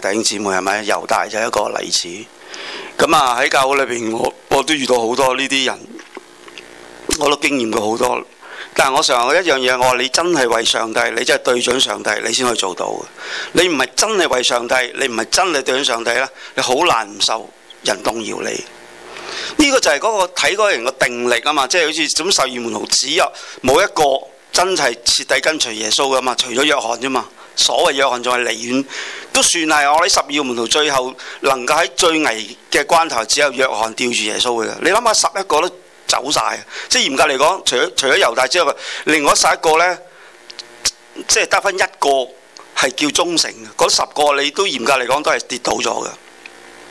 弟兄姊妹係咪？猶大就一個例子。咁啊，喺教會裏邊，我我都遇到好多呢啲人，我都經驗過好多。但係我常常有一樣嘢，我話你真係為上帝，你真係對準上帝，你先可以做到嘅。你唔係真係為上帝，你唔係真係對準上帝咧，你好難唔受人動搖你。呢個就係嗰個睇嗰個人嘅定力啊嘛，即係好似總十二門徒指，只有冇一個真係徹底跟隨耶穌噶嘛，除咗約翰啫嘛。所謂約翰仲係離遠，都算係我喺十二門徒最後能夠喺最危嘅關頭，只有約翰吊住耶穌嘅啦。你諗下，十一個都走晒，即係嚴格嚟講，除咗除咗猶大之外，另外十一個咧，即係得翻一個係叫忠誠。嗰十個你都嚴格嚟講都係跌倒咗嘅，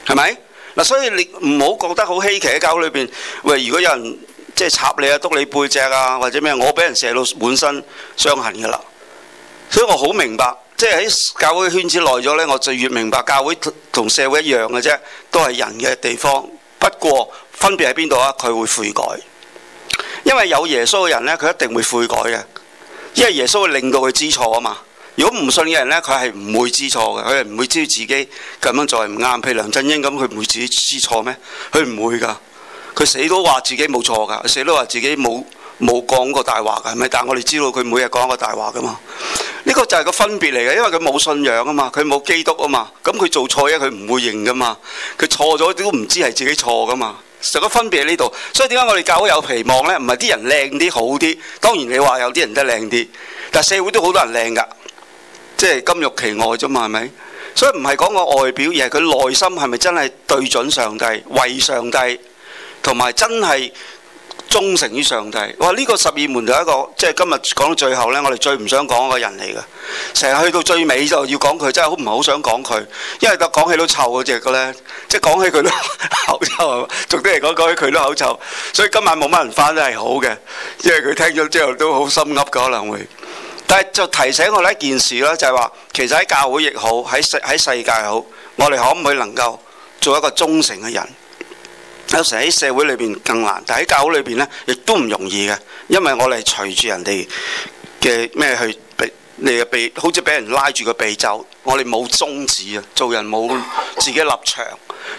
係咪？嗱，所以你唔好覺得好稀奇喺教會裏邊。喂，如果有人即係插你啊，督你背脊啊，或者咩，我俾人射到滿身傷痕㗎啦～所以我好明白，即係喺教會圈子耐咗呢，我就越明白教會同社會一樣嘅啫，都係人嘅地方。不過分別喺邊度啊？佢會悔改，因為有耶穌嘅人呢，佢一定會悔改嘅，因為耶穌會令到佢知錯啊嘛。如果唔信嘅人呢，佢係唔會知錯嘅，佢係唔會知道自己咁樣做係唔啱。譬如梁振英咁，佢唔會自己知錯咩？佢唔會噶，佢死都話自己冇錯噶，死都話自己冇。冇講過大話㗎，係咪？但係我哋知道佢每日講個大話嘅嘛。呢個就係個分別嚟嘅，因為佢冇信仰啊嘛，佢冇基督啊嘛。咁佢做錯嘢，佢唔會認嘅嘛。佢錯咗都唔知係自己錯嘅嘛。就個分別喺呢度。所以點解我哋教會有期望呢？唔係啲人靚啲好啲。當然你話有啲人都係靚啲，但係社會都好多人靚㗎，即係金玉其外啫嘛，係咪？所以唔係講個外表，而係佢內心係咪真係對準上帝，為上帝，同埋真係。忠誠於上帝，哇！呢個十二門就係一個，即係今日講到最後咧，我哋最唔想講嗰個人嚟嘅，成日去到最尾就要講佢，真係好唔好想講佢，因為就講起都臭嗰隻嘅咧，即係講起佢都口臭，俗啲嚟講講起佢都口臭，所以今晚冇乜人返都係好嘅，因為佢聽咗之後都好心噏嘅可能會，但係就提醒我哋一件事啦，就係話其實喺教會亦好，喺世喺世界好，我哋可唔可以能夠做一個忠誠嘅人？有時喺社會裏邊更難，但喺教會裏邊呢，亦都唔容易嘅，因為我哋隨住人哋嘅咩去被，你嘅被好似俾人拉住個鼻走，我哋冇宗旨啊，做人冇自己立場，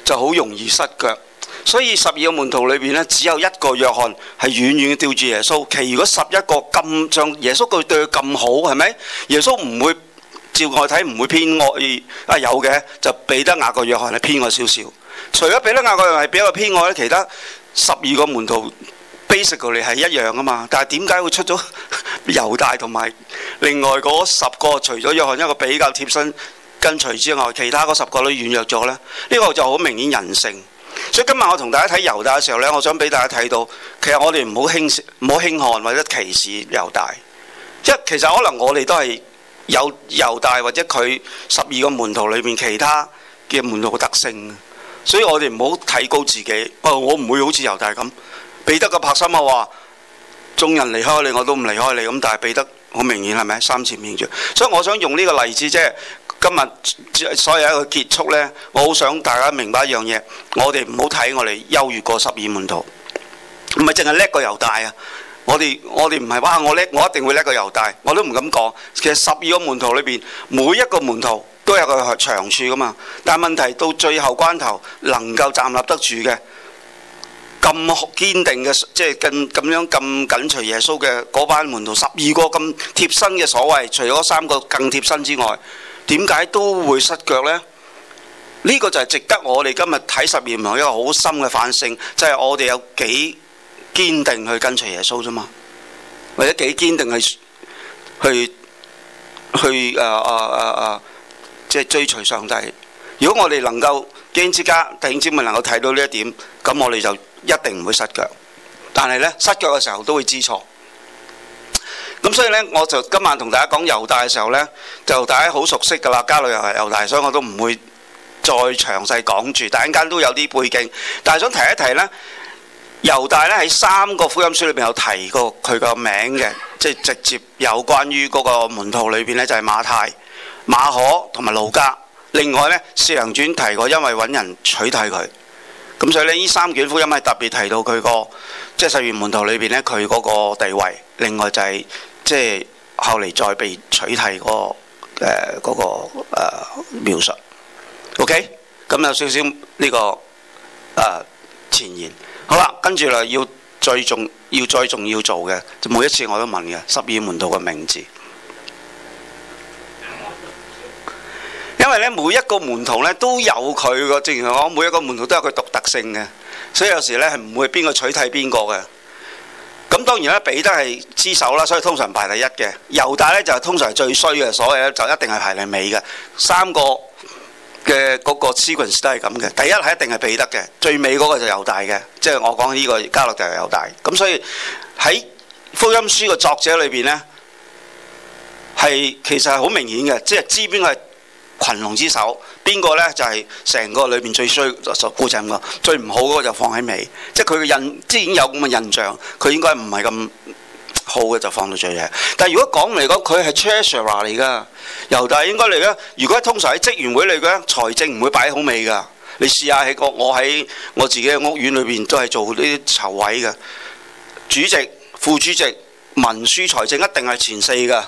就好容易失腳。所以十二個門徒裏邊呢，只有一個約翰係遠遠吊住耶穌，其餘嗰十一個咁像耶穌，佢對佢咁好，係咪？耶穌唔會照我睇，唔會偏惡，啊有嘅就彼得、雅各、約翰係偏惡少少。除咗彼得亞各人係比較偏外咧，其他十二個門徒 basically 係一樣噶嘛。但係點解會出咗猶大同埋另外嗰十個？除咗約翰一個比較貼身跟隨之外，其他嗰十個都軟弱咗呢？呢、呢個就好明顯人性。所以今日我同大家睇猶大嘅時候呢，我想俾大家睇到，其實我哋唔好輕唔好輕看或者歧視猶大，因為其實可能我哋都係有猶大或者佢十二個門徒裏面其他嘅門徒嘅特性。所以我哋唔好提高自己。哦、我唔會好似猶大咁，彼得個拍心啊話：眾人離開你，我都唔離開你。咁但係彼得好明顯係咪三次唔認主？所以我想用呢個例子，即係今日所有一個結束呢。我好想大家明白一樣嘢：我哋唔好睇我哋優越過十二門徒，唔係淨係叻過猶大啊！我哋我哋唔係哇！我叻，我一定會叻過猶大，我都唔敢講。其實十二個門徒裏邊，每一個門徒。都有個長處㗎嘛，但係問題到最後關頭，能夠站立得住嘅、咁堅定嘅，即係咁咁樣咁緊隨耶穌嘅嗰班門徒，十二個咁貼身嘅所謂，除咗三個更貼身之外，點解都會失腳呢？呢、這個就係值得我哋今日睇十二門徒一個好深嘅反省，就係、是、我哋有幾堅定去跟隨耶穌啫嘛，或者幾堅定去去去啊啊啊啊！啊啊即係追隨上帝。如果我哋能夠基恩之家，第二次咪能夠睇到呢一點，咁我哋就一定唔會失腳。但係咧，失腳嘅時候都會知錯。咁所以咧，我就今晚同大家講猶大嘅時候咧，就大家好熟悉噶啦，加略人猶大，所以我都唔會再詳細講住。但係間都有啲背景，但係想提一提咧，猶大咧喺三個福音書裏邊有提過佢個名嘅，即係直接有關於嗰個門徒裏邊咧就係馬太。馬可同埋路加，另外呢，四行傳》提過，因為揾人取替佢，咁所以呢，呢三卷福音係特別提到佢個即係十二門徒裏邊呢，佢嗰個地位。另外就係、是、即係後嚟再被取替嗰、那個誒嗰、呃那個呃、描述。OK，咁、嗯、有少少呢、這個誒、呃、前言。好啦，跟住啦，要最重要、最重要做嘅，就每一次我都問嘅十二門徒嘅名字。因為咧每一個門徒咧都有佢個，正如我講每一個門徒都有佢獨特性嘅，所以有時咧係唔會邊個取替邊個嘅。咁當然啦，彼得係之首啦，所以通常排第一嘅。猶大咧就通常係最衰嘅，所以咧就一定係排喺尾嘅。三個嘅嗰個 sequence 都係咁嘅，第一係一定係彼得嘅，最尾嗰個就猶大嘅，即係我講呢個加略就係猶大。咁所以喺福音書嘅作者裏邊呢，係其實係好明顯嘅，即係知邊個係。群龍之首，邊個呢？就係、是、成個裏面最衰、最固執個，最唔好嗰個就放喺尾。即係佢嘅印，之前有咁嘅印象，佢應該唔係咁好嘅，就放到最尾。但係如果講嚟講，佢係 treasurer 嚟噶，猶大應該嚟嘅。如果通常喺職員會嚟嘅，財政唔會擺好尾㗎。你試下喺我喺我，我自己嘅屋苑裏邊都係做啲籌委嘅，主席、副主席、文書、財政一定係前四㗎，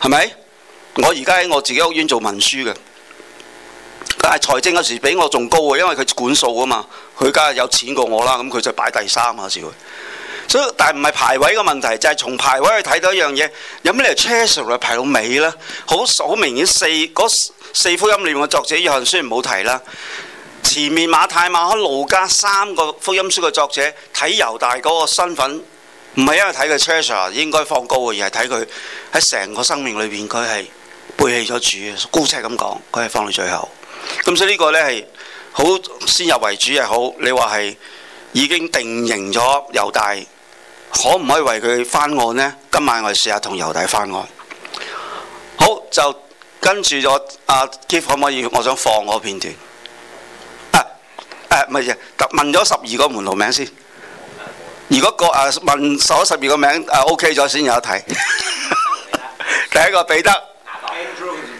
係咪？我而家喺我自己屋苑做文書嘅，但係財政嗰時比我仲高啊，因為佢管數啊嘛，佢梗係有錢過我啦，咁佢就擺第三啊，少。所以但係唔係排位嘅問題，就係、是、從排位去睇到一樣嘢，有咩理由 Treasurer 咧排到尾咧？好好明顯四嗰四福音裏面嘅作者以行雖然冇提啦，前面馬太、馬可、路加三個福音書嘅作者，睇猶大嗰個身份，唔係因為睇佢 Treasurer 應該放高啊，而係睇佢喺成個生命裏邊佢係。背棄咗主，姑且咁講，佢係放到最後。咁所以呢個呢係好先入為主又好。你話係已經定型咗猶大，可唔可以為佢翻案呢？今晚我哋試下同猶大翻案。好就跟住咗阿 Jeff 可唔可以？我想放個片段。啊唔係嘅，問咗十二個門徒名先。如果個啊問咗十二個名、啊、OK 咗先有得睇。 第一個彼得。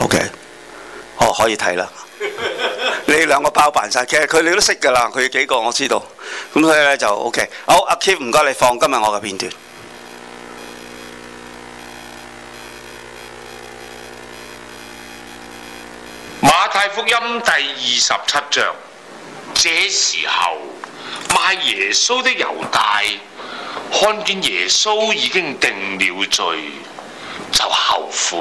O K，哦，okay. oh, 可以睇啦。 你兩個包辦晒，其實佢哋都識噶啦，佢幾個我知道。咁所以咧就 O K。好，阿 K 唔該你放今日我嘅片段。馬太福音第二十七章，這時候賣耶穌的猶大，看見耶穌已經定了罪，就後悔。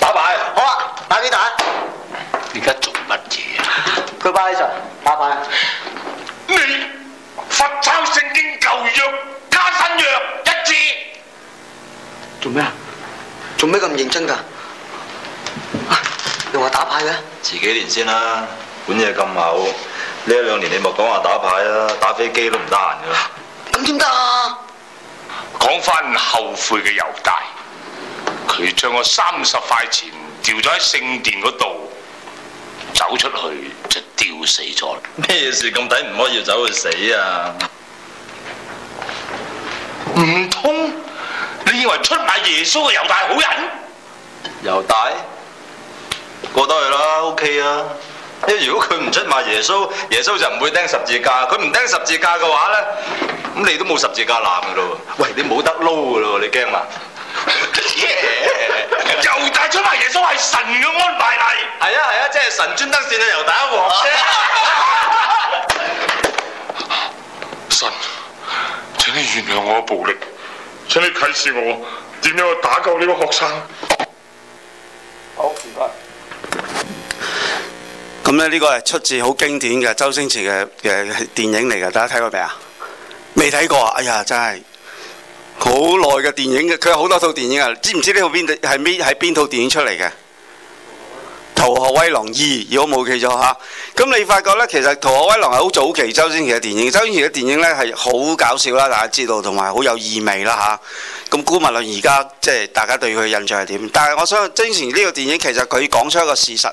打牌好啊，打幾大？你而家做乜嘢啊？佢擺喺度，打牌。你佛抄聖經舊約加新約一次。做咩啊？做咩咁認真噶？用我打牌嘅？遲幾年先啦，本嘢咁厚。呢一兩年你咪講話打牌啦，打飛機都唔得閒嘅。咁點得啊？講翻後悔嘅猶大，佢將我三十塊錢掉咗喺聖殿嗰度，走出去就吊死咗。咩事咁抵唔可以走去死啊？唔通你以為出賣耶穌嘅猶大係好人？猶大過得去啦，OK 啊。因為如果佢唔出賣耶穌，耶穌就唔會釘十字架。佢唔釘十字架嘅話咧，咁你都冇十字架男噶咯？喂，你冇得撈噶咯？你驚嘛？又、yeah. 猶大出賣耶穌係神嘅安排嚟。係啊係啊，即係、啊啊、神專登算啦，又打我。神，請你原諒我嘅暴力，請你啟示我點樣去打救呢個學生。好，唔該。咁呢個係出自好經典嘅周星馳嘅嘅電影嚟嘅，大家睇過未啊？未睇過啊？哎呀，真係好耐嘅電影，佢有好多套電影啊！知唔知呢套邊係咩？係邊套電影出嚟嘅？《逃學威龍二》，如果冇記錯嚇。咁、啊、你發覺呢？其實《逃學威龍》係好早期周星馳嘅電影。周星馳嘅電影呢係好搞笑啦，大家知道，同埋好有意味啦嚇。咁觀衆咧，而家即係大家對佢印象係點？但係我想，周星馳呢套電影其實佢講出一個事實。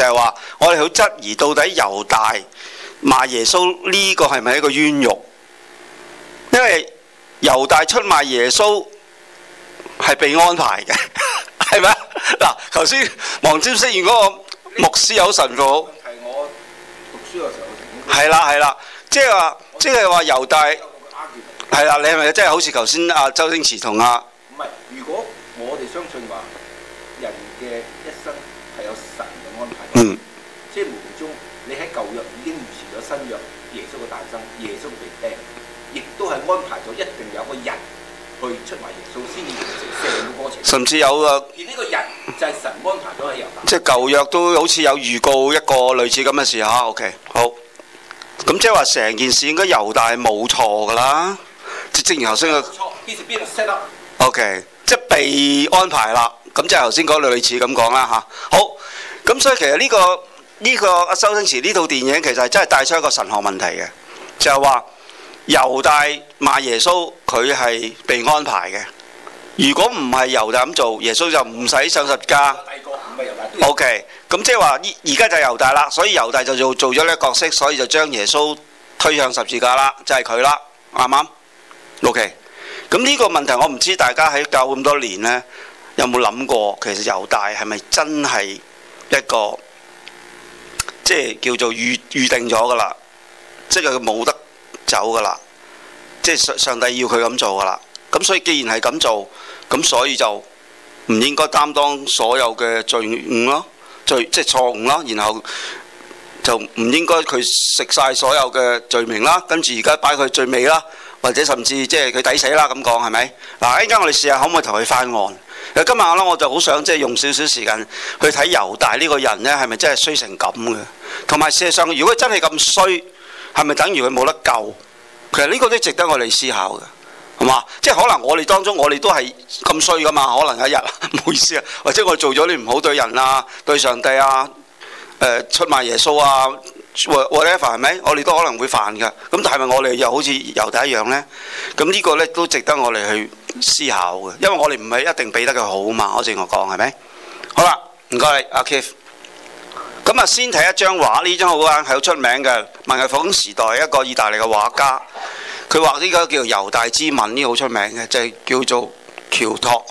就係話我哋好質疑到底猶大賣耶穌呢個係咪一個冤獄？因為猶大出賣耶穌係被安排嘅，係咪？嗱，頭先黃霑飾演嗰個牧師有神父，係我讀書嘅時候，係啦係啦，即係話即係話猶大係啦、啊，你係咪即係好似頭先阿周星馳同阿？安排咗一定有個人去出賣耶穌，先完成成個過程。甚至有啊，呢個人就係神安排咗係猶大。即係舊約都好似有預告一個類似咁嘅事吓。啊、o、okay, K，好。咁即係話成件事應該猶大冇錯噶啦。即係正如頭先個。錯，堅持邊個 set up？OK，即係被安排啦。咁即係頭先講類似咁講啦吓。好。咁所以其實呢、這個呢、這個阿周星馳呢套電影其實真係帶出一個神學問題嘅，就係、是、話。猶大賣耶穌，佢係被安排嘅。如果唔係猶大咁做，耶穌就唔使上十字架。OK，咁即係話依而家就猶大啦，所以猶大就做做咗呢個角色，所以就將耶穌推向十字架啦，就係佢啦，啱唔啱？OK，咁呢個問題我唔知大家喺教咁多年呢，有冇諗過其實猶大係咪真係一個即係叫做預預定咗噶啦，即係佢冇得。走噶啦，即係上上帝要佢咁做噶啦。咁所以既然係咁做，咁所以就唔應該擔當所有嘅罪誤咯，罪即係錯誤咯。然後就唔應該佢食晒所有嘅罪名啦。跟住而家擺佢罪尾啦，或者甚至即係佢抵死啦。咁講係咪？嗱，一陣間我哋試下可唔可以同佢翻案？今日我就好想即係用少少時間去睇猶大呢個人呢，係咪真係衰成咁嘅？同埋事實上，如果真係咁衰。係咪等如佢冇得救？其實呢個都值得我哋思考嘅，係嘛？即係可能我哋當中，我哋都係咁衰噶嘛？可能一日唔好意思啊，或者我哋做咗啲唔好對人啊、對上帝啊、誒、呃、出賣耶穌啊，whatever 係咪？我哋都可能會犯嘅。咁但係咪我哋又好似猶大一樣咧？咁呢個咧都值得我哋去思考嘅，因為我哋唔係一定俾得佢好啊嘛。我正我講係咪？好啦，唔該你，阿 K。咁啊，先睇一張畫，呢張好啱，係好出名嘅。文藝復興時代一個意大利嘅畫家，佢畫呢個叫《猶大之吻》，呢個好出名嘅，就係叫做喬托。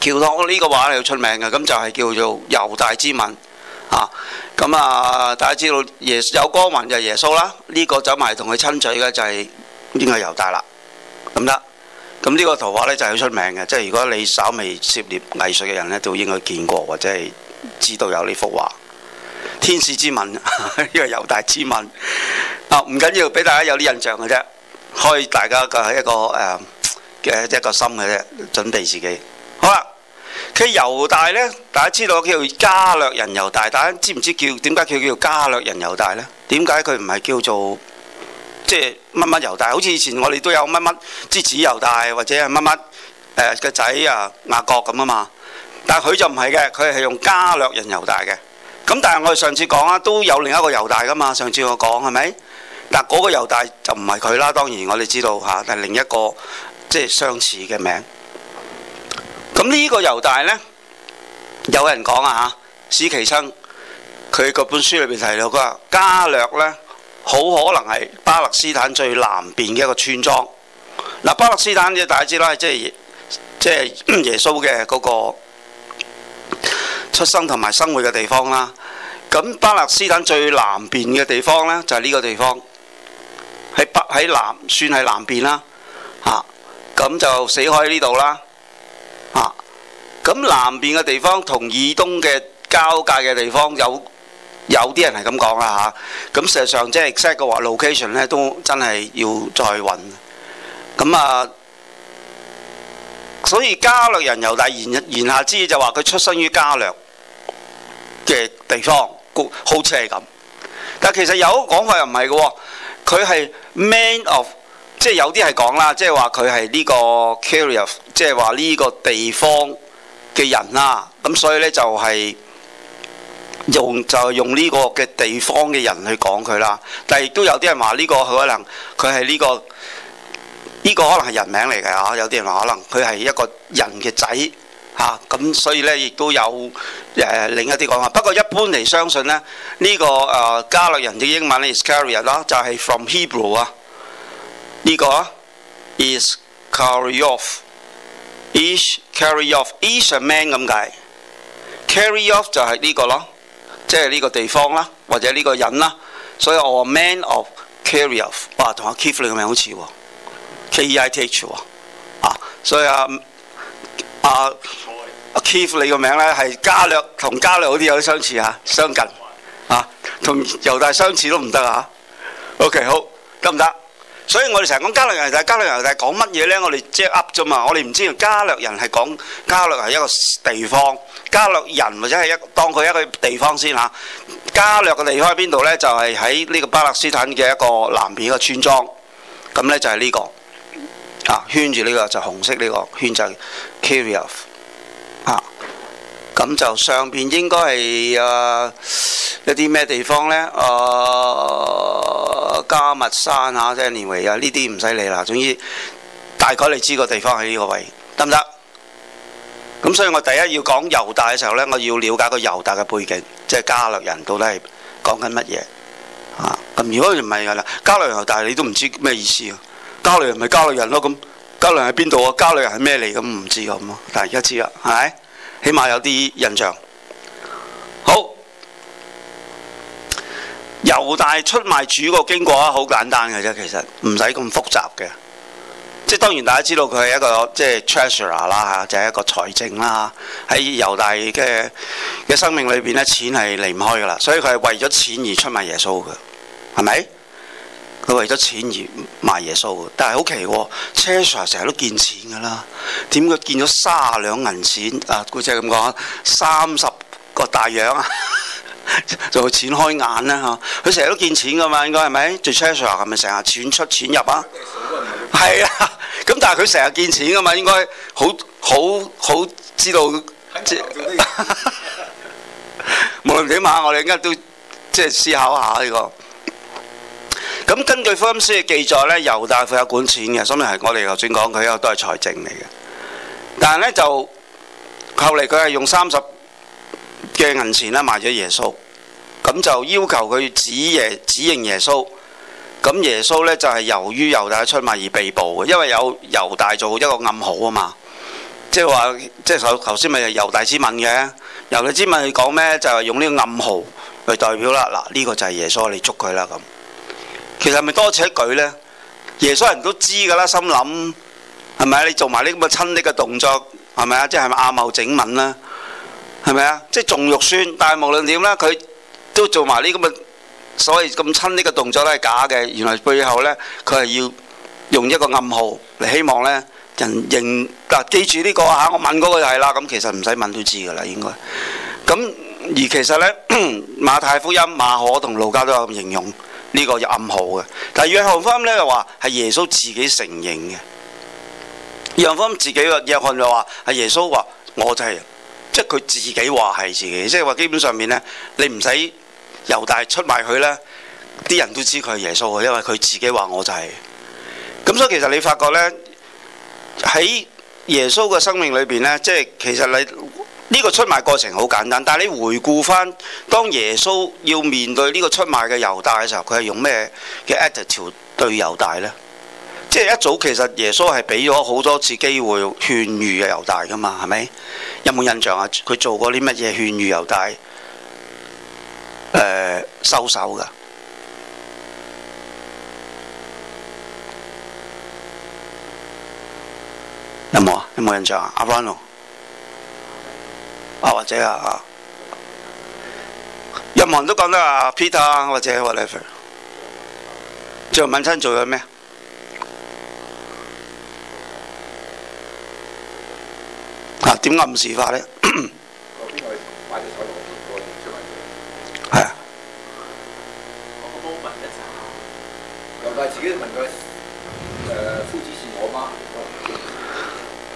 喬托呢個畫係好出名嘅，咁就係叫做《猶大之吻》咁、呢個就係就係、啊，大家知道耶有光環就係耶穌啦，呢、呢個走埋同佢親嘴嘅就係呢、呢個猶大啦。咁啦，咁呢個圖畫呢就係好出名嘅，即係如果你稍微涉獵藝術嘅人呢，都應該見過或者係知道有呢幅畫。天使之吻，呢 個猶大之吻， 啊！唔緊要，俾大家有啲印象嘅啫，開大家嘅一個誒嘅、呃、一個心嘅啫，準備自己好啦、啊。佢猶大咧，大家知道叫加略人猶大。大家知唔知叫點解叫叫加略人猶大咧？點解佢唔係叫做即係乜乜猶大？好似以前我哋都有乜乜之子猶大，或者係乜乜誒個仔啊雅各咁啊嘛。但佢就唔係嘅，佢係用加略人猶大嘅。咁但係我哋上次講啊，都有另一個猶大噶嘛？上次我講係咪？嗱，嗰個猶大就唔係佢啦，當然我哋知道嚇，但係另一個即係相似嘅名。咁呢個猶大呢，有人講啊嚇，史奇生佢嗰本書裏邊提到，佢話加略呢，好可能係巴勒斯坦最南邊嘅一個村莊。嗱、啊，巴勒斯坦嘅大家知啦，即係即係耶穌嘅嗰個。出生同埋生活嘅地方啦，咁巴勒斯坦最南邊嘅地方咧就係、是、呢個地方，喺北喺南算係南邊啦，嚇、啊、咁就死海喺呢度啦，嚇、啊、咁南邊嘅地方同以東嘅交界嘅地方有有啲人係咁講啦嚇，咁、啊、事實上即係 exact 嘅話 location 咧都真係要再揾，咁啊。所以加略人猶大言言下之意就話，佢出生於加略嘅地方，好似係咁。但其實有講，講法又唔係嘅，佢係 man of，即係有啲係講啦，即係話佢係呢個 carrier 即係話呢個地方嘅人啦、啊。咁所以咧就係、是、用就係用呢個嘅地方嘅人去講佢啦。但係亦都有啲人話、這個，呢個可能佢係呢個。呢個可能係人名嚟嘅嚇，有啲人話可能佢係一個人嘅仔嚇，咁、啊、所以咧亦都有誒、啊、另一啲講法。不過一般嚟相信咧，呢、這個誒、啊、加略人嘅英文咧 Iscariot 就係 from Hebrew 啊。呢、這個、啊、is carry off is carry off is, Car is a man 咁解。Kerioth 就係呢個咯，即係呢個地方啦，或者呢個人啦。所以我話 man of Kerioth 哇，同阿 Kiefer 嘅名好似喎。K E I H 啊，ah, 所以啊啊 Keith 你個名咧係加略同加略好啲有啲相似啊，相近啊，同猶大相似都唔得啊。OK 好得唔得？所以我哋成日講加略猶大，加略猶大講乜嘢咧？我哋即係噏啫嘛。我哋唔知加略人係講加略係一個地方，加略人或者係一當佢一個地方先嚇。加略嘅地方喺邊度咧？就係喺呢個巴勒斯坦嘅一個南邊一個村莊咁咧，就係呢個。啊，圈住呢，這個就是，紅色呢、這個圈就 Kerioth 啊，咁就上邊應該係啊一啲咩地方咧？啊、呃、加密山啊，即係連維啊，呢啲唔使理啦。總之大概你知個地方喺呢個位得唔得？咁所以我第一要講猶大嘅時候咧，我要了解個猶大嘅背景，即係加略人到底係講緊乜嘢啊？咁如果唔係嘅啦，加略猶大你都唔知咩意思，啊。加略人咪加略人咯，咁加略人喺邊度啊？加略人喺咩嚟？咁唔知咁咯，但係而家知啦，係咪？起碼有啲印象。好，猶大出賣主個經過啊，好簡單嘅啫，其實唔使咁複雜嘅。即係當然大家知道佢係一個即係 treasurer 啦嚇，就係一個財政啦。喺猶大嘅嘅生命裏邊咧，錢係離唔開噶啦，所以佢係為咗錢而出賣耶穌嘅，係咪？佢為咗錢而賣耶穌，但係好奇喎、哦，車長成日都見錢㗎啦，點解見咗三兩銀錢？啊，古仔咁講，三十個大洋啊，就 錢開眼啦、啊、嚇！佢成日都見錢㗎嘛，應該係咪？做車長係咪成日錢出錢入啊？係啊，咁、啊、但係佢成日見錢㗎嘛，應該好好好知道即係。 無論點嘛，我哋應該都即係、就是、思考下呢、這個。咁根據福音書嘅記載咧，猶大負有管錢嘅，所以係我哋頭先講佢都係財政嚟嘅。但呢，就後嚟佢係用三十嘅銀錢咧賣咗耶穌，咁就要求佢指耶指認耶穌。咁耶穌呢，就係、是、由於猶大出賣而被捕嘅，因為有猶大做一個暗號啊嘛。即係話即係頭頭先咪猶大之吻嘅，猶大之吻佢講咩？就係、是、用呢個暗號去代表啦。嗱、啊、呢、這個就係耶穌，你捉佢啦咁。其實係咪多此一舉呢？耶穌人都知㗎啦，心諗係咪啊？你做埋呢咁嘅親昵嘅動作係咪啊？即係咪阿茂整吻啦？係咪啊？即係仲肉酸。但係無論點呢，佢都做埋呢咁嘅，所以咁親昵嘅動作都係假嘅。原來背後呢，佢係要用一個暗號嚟希望呢人認嗱、啊。記住呢、呢個嚇、啊，我吻嗰個就係啦。咁、啊、其實唔使吻都知㗎啦，應該。咁、啊、而其實呢， 馬太福音、馬可同路加都有咁形容。呢個暗號嘅，但係約翰方咧又話係耶穌自己承認嘅，約翰自己個約翰就話係耶穌話我就係，即係佢自己話係自己，即係話基本上面咧，你唔使猶大出賣佢啦，啲人都知佢係耶穌嘅，因為佢自己話我就係，咁所以其實你發覺咧喺耶穌嘅生命裏邊咧，即係其實你。呢個出賣過程好簡單，但係你回顧翻當耶穌要面對呢個出賣嘅猶大嘅時候，佢係用咩嘅 attitude 對猶大呢？即係一早其實耶穌係畀咗好多次機會勸喻嘅猶大噶嘛，係咪？有冇印象啊？佢做過啲乜嘢勸喻猶大？誒、呃，收手噶？有冇啊？有冇印象啊？阿 Vin 啊，或者啊、啊，任何人都講得啊 Peter、啊、或者 whatever，就問親做咗咩？啊點暗示法呢？係啊。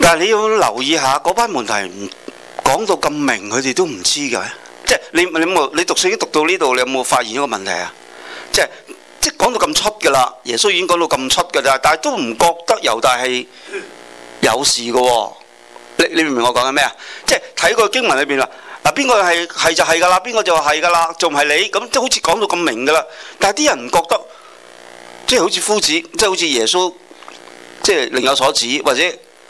嗱、 啊啊、你要留意下嗰班問題唔。講到咁明，佢哋都唔知嘅。即係你你冇你讀聖經讀到呢度，你有冇發現一個問題啊？即係即係講到咁出嘅啦，耶穌已經講到咁出嘅啦，但係都唔覺得猶大係有事嘅。你你明唔明我講緊咩啊？即係睇個經文裏邊啦，嗱、啊，邊個係係就係噶啦，邊個就係噶啦，仲唔係你咁，即係好似講到咁明噶啦，但係啲人唔覺得，即係好似夫子，即係好似耶穌，即係另有所指或者。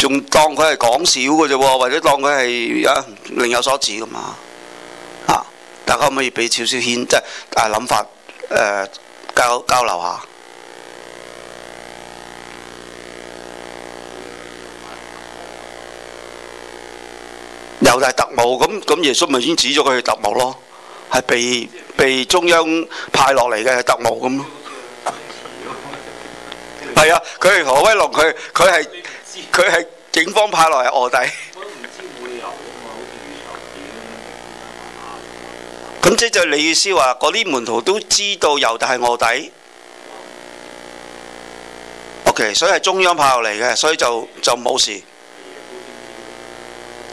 仲當佢係講笑嘅啫喎，或者當佢係啊另有所指咁嘛啊。大家可唔可以俾少少謙，即係諗法誒、呃、交交流下？ 又係特務咁咁，耶穌咪先指咗佢係特務咯，係被被中央派落嚟嘅特務咁咯。係 啊，佢係何威龍，佢佢係。佢係警方派落嚟卧底。咁即就你意思話嗰啲門徒都知道猶大係卧底。O K，所以係中央派落嚟嘅，所以就就冇事。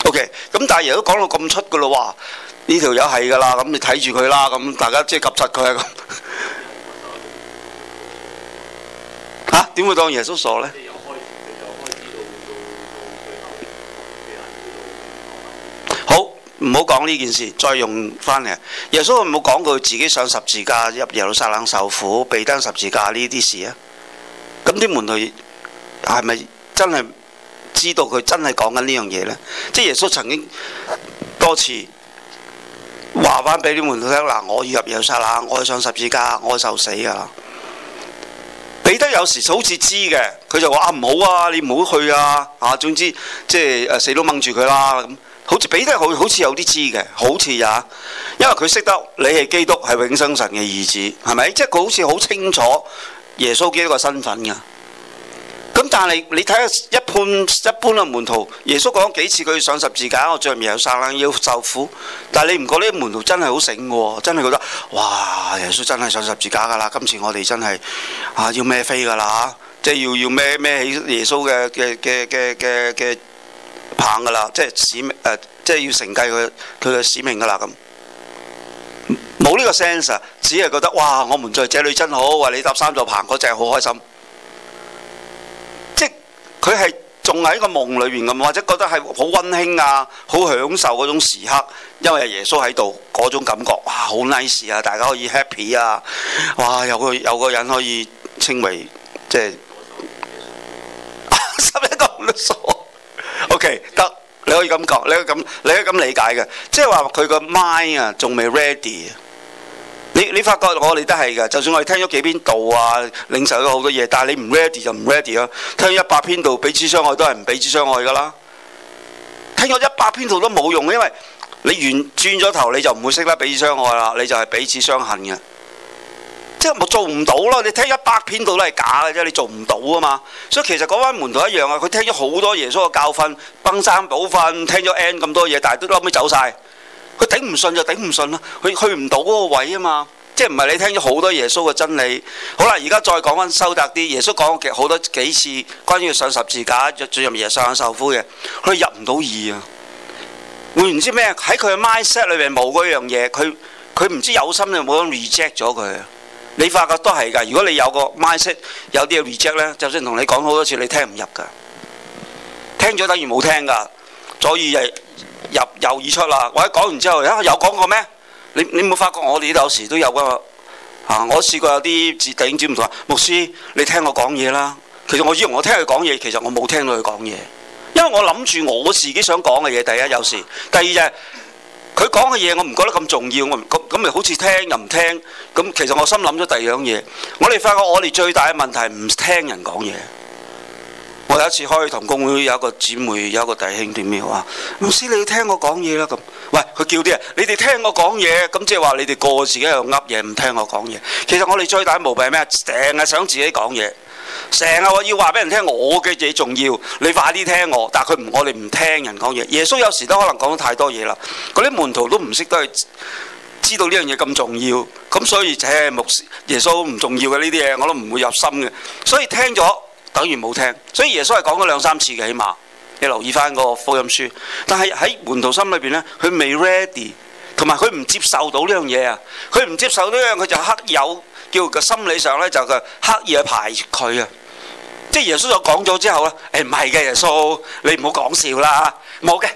O K，咁但係如果講到咁出噶啦，哇！呢條友係噶啦，咁你睇住佢啦，咁大家即係夾實佢啊。吓？點會當耶穌傻咧？唔好講呢件事，再用翻嚟。耶穌唔好講佢自己上十字架，入耶路撒冷受苦、被釘十字架呢啲事啊？咁啲門徒係咪真係知道佢真係講緊呢樣嘢呢？即係耶穌曾經多次話翻俾啲門徒聽嗱，我要入耶路撒冷，我要上十字架，我受死噶啦。彼得有時好就好似知嘅，佢就話啊，唔好啊，你唔好去啊，吓，總之即係、啊、死都掹住佢啦咁。嗯好似彼得好好似有啲知嘅，好似啊，因為佢識得你係基督係永生神嘅兒子，係咪？即係佢好似好清楚耶穌基督嘅身份嘅。咁但係你睇下一般嘅門徒，耶穌講幾次佢要上十字架，我最後面有殺啦，要受苦。但係你唔覺啲門徒真係好醒嘅喎，真係覺得哇，耶穌真係上十字架㗎啦！今次我哋真係啊要孭飛㗎啦、啊，即係要要孭孭起耶穌嘅嘅嘅嘅嘅嘅。棒噶啦，即係使命誒、呃，即係要承繼佢佢嘅使命噶啦咁。冇呢個 sense，只係覺得哇，我們在這裏真好，為你搭三座棚嗰隻好開心。即係佢係仲喺個夢裏邊咁，或者覺得係好溫馨啊，好享受嗰種時刻，因為耶穌喺度嗰種感覺，哇，好 nice 啊，大家可以 happy 啊，哇，有個有個人可以稱為即係、啊、十一個 O.K. 得你可以咁講，你可以咁，你可以咁理解嘅，即係話佢個 mind 啊，仲未 ready 你你發覺我哋都係嘅，就算我哋聽咗幾篇道啊，領受咗好多嘢，但係你唔 ready 就唔 ready 咯。聽咗一百篇道，彼此相愛都係唔彼此相愛噶啦。聽咗一百篇道都冇用，因為你轉咗頭你就唔會識得彼此相愛啦，你就係彼此相恨嘅。即係冇做唔到咯。你聽一百篇到都係假嘅啫。你做唔到啊嘛。所以其實講翻門徒一樣啊，佢聽咗好多耶穌嘅教訓，登山寶訓，聽咗 N 咁多嘢，但係都啱啱走晒。佢頂唔順就頂唔順咯。佢去唔到嗰個位啊嘛。即係唔係你聽咗好多耶穌嘅真理？好啦，而家再講翻修德啲耶穌講嘅好多幾次關於上十字架、進入耶三受苦嘅，佢入唔到耳啊。會唔知咩喺佢嘅 mindset 裏邊冇嗰樣嘢，佢佢唔知有心就冇咁 reject 咗佢啊。你發覺都係㗎，如果你有個 mindset，有啲嘅 reject 呢，就算同你講好多次，你聽唔入㗎，聽咗等於冇聽㗎，所以左耳入右耳出啦。我喺講完之後，啊、有講過咩？你你冇發覺我哋有時都有㗎、啊、我試過有啲字頂止唔同啊，牧師，你聽我講嘢啦。其實我以為我聽佢講嘢，其實我冇聽到佢講嘢，因為我諗住我自己想講嘅嘢。第一有時，第二日、就係。佢講嘅嘢我唔覺得咁重要，我咁咁咪好似聽又唔聽，咁其實我心諗咗第二樣嘢，我哋發覺我哋最大嘅問題係唔聽人講嘢。我有一次開同工會，有一個姊妹，有一個弟兄點咩、嗯、話，老師你要聽我講嘢啦咁。喂，佢叫啲人，你哋聽我講嘢，咁即係話你哋過個個自己喺度噏嘢，唔聽我講嘢。其實我哋最大嘅毛病係咩？成日想自己講嘢。成日話要話俾人聽，我嘅嘢重要，你快啲聽我。但係佢唔，我哋唔聽人講嘢。耶穌有時都可能講得太多嘢啦。嗰啲門徒都唔識得去知道呢樣嘢咁重要。咁所以就係耶穌唔重要嘅呢啲嘢，我都唔會入心嘅。所以聽咗，等於冇聽。所以耶穌係講咗兩三次嘅，起碼你留意翻個福音書。但係喺門徒心裏邊呢，佢未 ready，同埋佢唔接受到呢樣嘢啊！佢唔接受呢樣，佢就刻有。叫個心理上咧，就佢刻意去排佢啊，即係耶穌就講咗之後咧，誒，唔係嘅耶穌，你唔好講笑啦，冇嘅，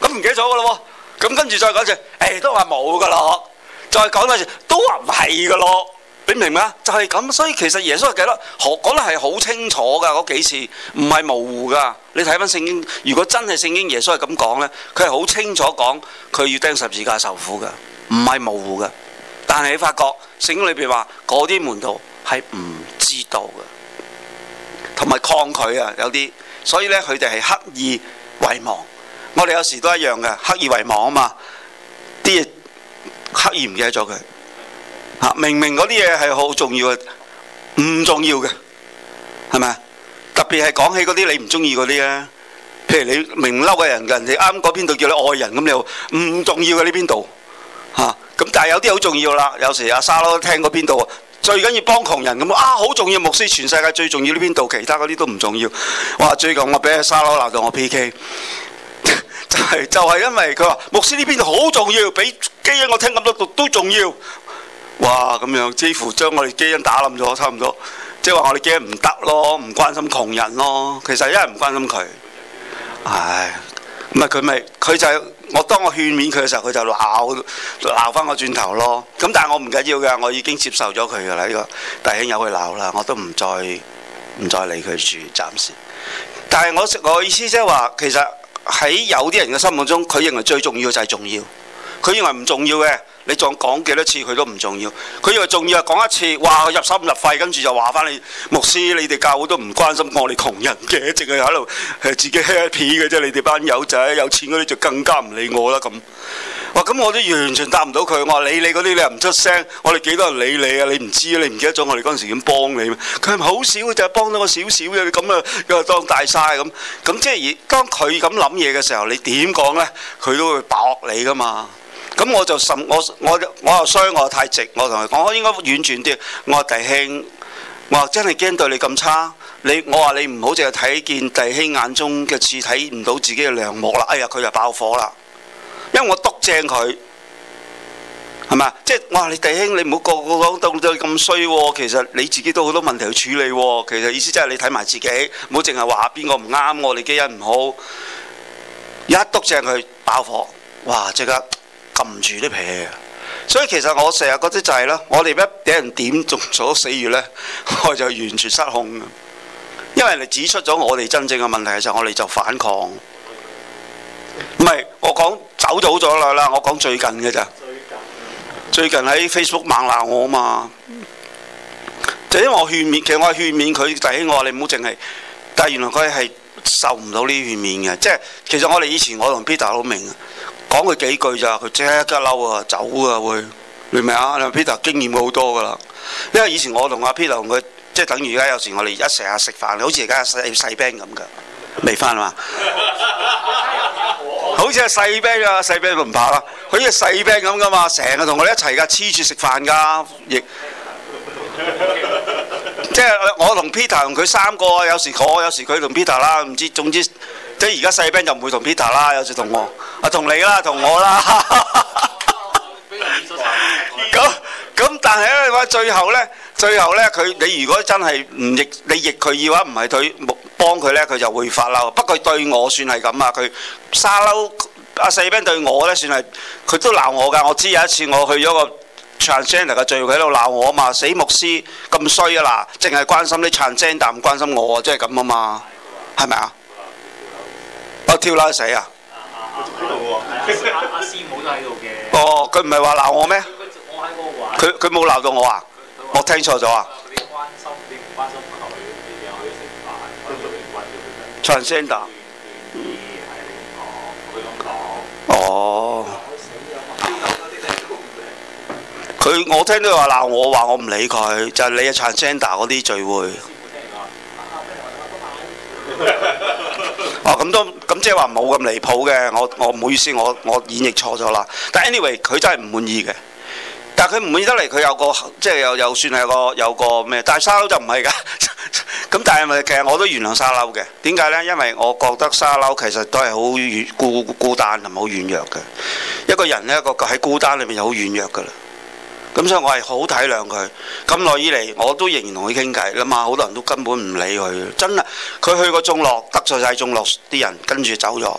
咁唔記得咗噶咯咁跟住再講次，誒、哎、都話冇噶咯再講多次都話唔係噶咯你明唔明啊？就係、是、咁，所以其實耶穌得，多講得係好清楚噶嗰幾次，唔係模糊噶你睇翻聖經，如果真係聖經，耶穌係咁講咧，佢係好清楚講，佢要釘十字架受苦噶唔係模糊噶但係你發覺聖經裏面話嗰啲門徒係唔知道嘅，同埋抗拒啊，有啲，所以咧佢哋係刻意遺忘。我哋有時都一樣嘅，刻意遺忘啊嘛，啲嘢刻意唔記得咗佢。明明嗰啲嘢係好重要嘅，唔重要嘅，係咪？特別係講起嗰啲你唔中意嗰啲啊，譬如你明嬲嘅人嘅，人哋啱講邊度叫你愛人咁，你又唔重要嘅呢邊度？嚇！咁、啊、但係有啲好重要啦，有時阿沙羅都聽過邊度啊？最緊要幫窮人咁啊！好重要牧師，全世界最重要呢邊度，其他嗰啲都唔重要。哇！最近我俾阿沙羅鬧到我 PK， 就係、是、就係、是、因為佢話牧師呢邊好重要，比基恩我聽咁多都重要。哇！咁樣幾乎將我哋基恩打冧咗，差唔多。即係話我哋基恩唔得咯，唔關心窮人咯。其實因為唔關心佢，唉，咁啊、就是！佢咪佢就是。我當我勸勉佢嘅時候，佢就鬧鬧返我轉頭咯。咁但係我唔緊要嘅，我已經接受咗佢㗎喇。呢個弟兄有去鬧啦，我都唔再唔再理佢住，暫時。但係我我的意思即係話，其實喺有啲人嘅心目中，佢認為最重要的就係重要，佢認為唔重要嘅。你仲講幾多次佢都唔重要，佢以為重要啊，講一次，哇，入心入肺，跟住就話翻你牧師，你哋教會都唔關心我哋窮人嘅，淨係喺度自己 happy 嘅啫，你哋班友仔有錢嗰啲就更加唔理我啦咁。哇，咁我都完全答唔到佢，我話理你嗰啲你又唔出聲，我哋幾多人理你啊？你唔知啊？你唔記得咗我哋嗰陣時點幫你？佢咪好少嘅，就係幫到我少少嘅，咁啊又話當大晒咁。咁即係而當佢咁諗嘢嘅時候，你點講咧？佢都會駁你噶嘛。咁我就我我又衰我又太直，我同佢講我應該婉轉啲。我話弟兄，我話真係驚對你咁差。你我話你唔好淨係睇見弟兄眼中嘅刺，睇唔到自己嘅梁木啦。哎呀，佢就爆火啦，因為我督正佢，係咪？即係我話你弟兄，你唔好個個講到到咁衰喎。其實你自己都好多問題要處理喎、啊。其實意思即係你睇埋自己，唔好淨係話邊個唔啱，我哋基因唔好。一督正佢爆火，哇！即刻～冚住啲皮啊！所以其實我成日覺得就係、是、咯，我哋一俾人點中咗死穴呢，我就完全失控。因為你指出咗我哋真正嘅問題嘅時候，就是、我哋就反抗。唔係，我講走就咗啦。我講最近嘅咋？最近，喺 Facebook 猛鬧我啊嘛，就因為我勸勉，其實我勸勉佢，提醒我話你唔好淨係。但係原來佢係受唔到呢勸勉嘅，即係其實我哋以前我同 Peter 都明。講佢幾句咋，佢即刻嬲啊，走啊會，明唔明啊？Peter 經驗好多噶啦，因為以前我同阿 Peter 同佢，即係等於而家有時我哋而家成日食飯，好似而家細細兵咁嘅，未翻啊嘛？ 好似係細兵啊，細兵都唔怕啦，好似細兵咁噶嘛，成日同我哋一齊噶，黐住食飯噶，亦即係我同 Peter 同佢三個有時我，有時佢同 Peter 啦，唔知，總之即係而家細兵就唔會同 Peter 啦，有時同我。同你啦，同我啦，咁 咁，但係咧，話最後咧，最後咧，佢你如果真係唔逆你逆佢要嘅，唔係佢幫佢咧，佢就會發嬲。不過對我算係咁啊，佢沙嬲阿四兵對我咧，算係佢都鬧我㗎。我知有一次我去咗個長鏡頭嘅聚會，佢喺度鬧我嘛，死牧師咁衰啊！嗱，淨係關心啲長鏡但唔關心我、就是、啊，即係咁啊嘛，係咪啊？我跳拉死啊！喺度喎，阿阿、啊啊、師母都喺度嘅。哦，佢唔係話鬧我咩？佢佢冇鬧到我啊，啊、哦？我聽錯咗啊？Transcender。哦。佢我聽到話鬧我話我唔理佢，就係你 Transcender 嗰啲聚會。哦，咁都咁即係話冇咁離譜嘅，我我唔好意思，我我演繹錯咗啦。但 anyway，佢真係唔滿意嘅，但係佢唔滿意得嚟，佢有個即係又又算係個有個咩？但係沙樓就唔係噶，咁 但係咪其實我都原諒沙樓嘅？點解呢？因為我覺得沙樓其實都係好孤孤單同埋好軟弱嘅，一個人呢，一個喺孤單裏面就好軟弱噶啦。咁、嗯、所以，我係好體諒佢。咁耐以嚟，我都仍然同佢傾偈㗎嘛。好多人都根本唔理佢，真係。佢去過眾樂，得罪晒眾樂啲人，跟住走咗。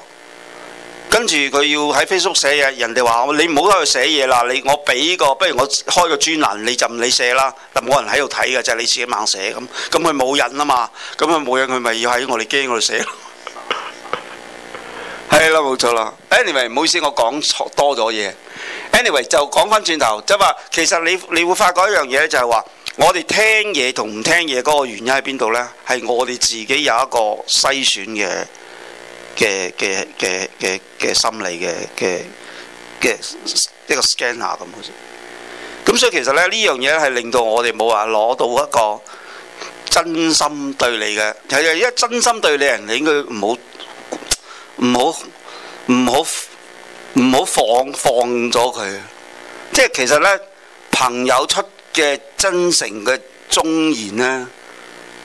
跟住佢要喺 Facebook 寫嘢，人哋話：你唔好喺度寫嘢啦！你我俾個，不如我開個專欄，你就唔理寫啦。但冇人喺度睇嘅，就係、是、你自己猛寫咁。咁佢冇人啊嘛，咁佢冇人，佢咪要喺我哋基恩嗰度寫咯。係 啦，冇錯啦。a n y、anyway, w a y 唔好意思，我講錯多咗嘢。Anyway 就講翻轉頭，即係話其實你你會發覺一樣嘢，就係話我哋聽嘢同唔聽嘢嗰個原因喺邊度呢？係我哋自己有一個篩選嘅嘅嘅嘅嘅嘅心理嘅嘅嘅一個 scan 下咁。好似咁，所以其實咧，呢樣嘢咧，係令到我哋冇話攞到一個真心對你嘅，係因為真心對你人，你應該唔好唔好唔好。唔好放放咗佢啊！即係其實呢，朋友出嘅真誠嘅忠言呢，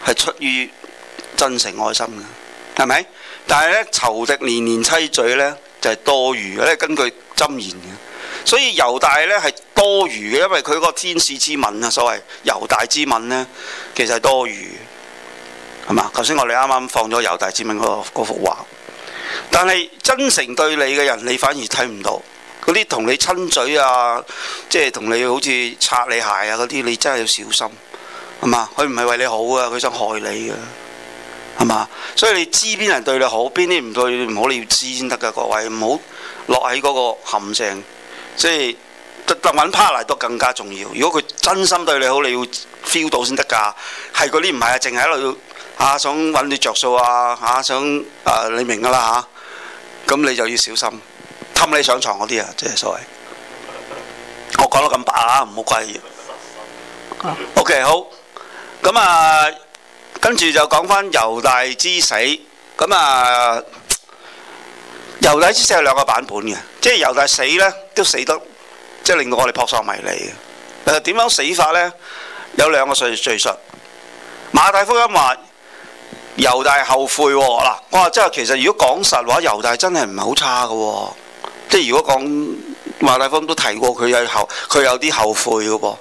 係出於真誠愛心嘅，係咪？但係呢，仇敵連連親嘴呢，就係、是、多餘嘅。根據箴言啊，所以猶大呢係多餘嘅，因為佢個天使之吻啊，所謂猶大之吻呢，其實係多餘。係嘛？頭先我哋啱啱放咗猶大之吻嗰、那個、幅畫。但係，真誠對你嘅人，你反而睇唔到。嗰啲同你親嘴啊，即係同你好似擦你鞋啊嗰啲，你真係要小心，係嘛？佢唔係為你好啊，佢想害你噶，係嘛？所以你知邊人對你好，邊啲唔對你唔好，你要知先得噶，各位唔好落喺嗰個陷阱。即係特揾 partner 都更加重要。如果佢真心對你好，你要 feel 到先得噶。係嗰啲唔係啊，淨係喺度。嚇想揾你着數啊！嚇想誒，你明㗎啦嚇，咁你就要小心氹你上牀嗰啲啊，即係所謂。我講得咁白啊，唔好怪我。O K 好咁啊，跟住就講翻猶大之死。咁啊，猶大之死係兩個版本嘅，即係猶大死咧都死得即係令到我哋撲朔迷離嘅。誒點樣死法咧？有兩個敘敘述。馬太福音話。猶大後悔喎、哦、嗱、啊，哇！即係其實如果講實話，猶大真係唔係好差嘅、哦，即係如果講馬太福音都提過佢有後，佢有啲後悔嘅噃、哦。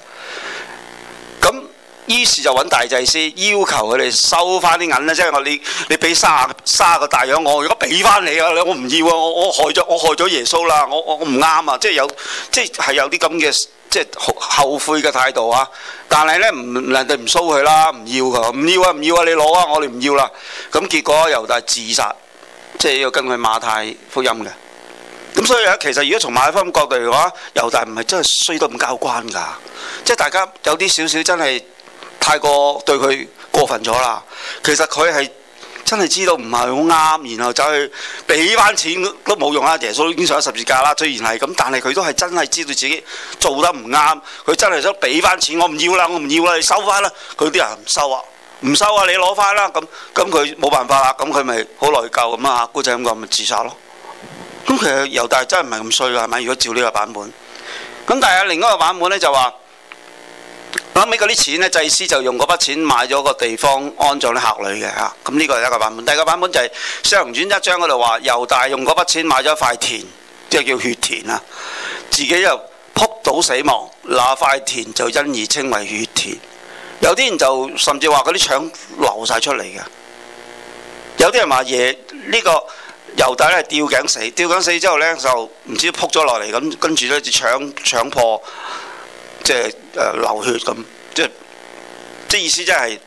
咁於是就揾大祭司要求佢哋收翻啲銀咧，即係我你你俾卅卅個大洋我，如果俾翻你啊，我唔要啊，我我害咗我害咗耶穌啦，我我我唔啱啊！即係有即係有啲咁嘅。即係後悔嘅態度啊！但係咧，唔人哋唔騷佢啦，唔要佢，唔要啊，唔要啊，你攞啊！我哋唔要啦。咁結果啊，猶大自殺，即係要跟佢馬太福音嘅。咁所以啊，其實如果從馬太福音角度嚟講，猶大唔係真係衰到咁交關㗎。即係大家有啲少少真係太過對佢過分咗啦。其實佢係。真係知道唔係好啱，然後就去畀翻錢都冇用啊！耶穌已經上咗十字架啦，雖然係咁，但係佢都係真係知道自己做得唔啱，佢真係想畀翻錢，我唔要啦，我唔要啦，你收翻啦。佢啲人唔收啊，唔收啊，你攞翻啦。咁咁佢冇辦法啦，咁佢咪好內疚咁啊嚇，姑仔咁講咪自殺咯。咁其實猶大真係唔係咁衰㗎，係咪？如果照呢個版本，咁但係另一個版本咧就話。諗起啲錢呢，祭司就用嗰筆錢買咗個地方安葬啲客女嘅嚇，咁呢個係一個版本。第二個版本就係、是《傷魂傳》一章嗰度話，猶大用嗰筆錢買咗塊田，即係叫血田啊。自己又撲倒死亡，那塊田就因而稱為血田。有啲人就甚至話嗰啲腸流晒出嚟嘅。有啲人話嘢，呢、這個猶大咧吊頸死，吊頸死之後呢，就唔知撲咗落嚟咁，跟住呢，只腸腸破。即係誒流血咁，就是就是就是就是，即係即係意思即係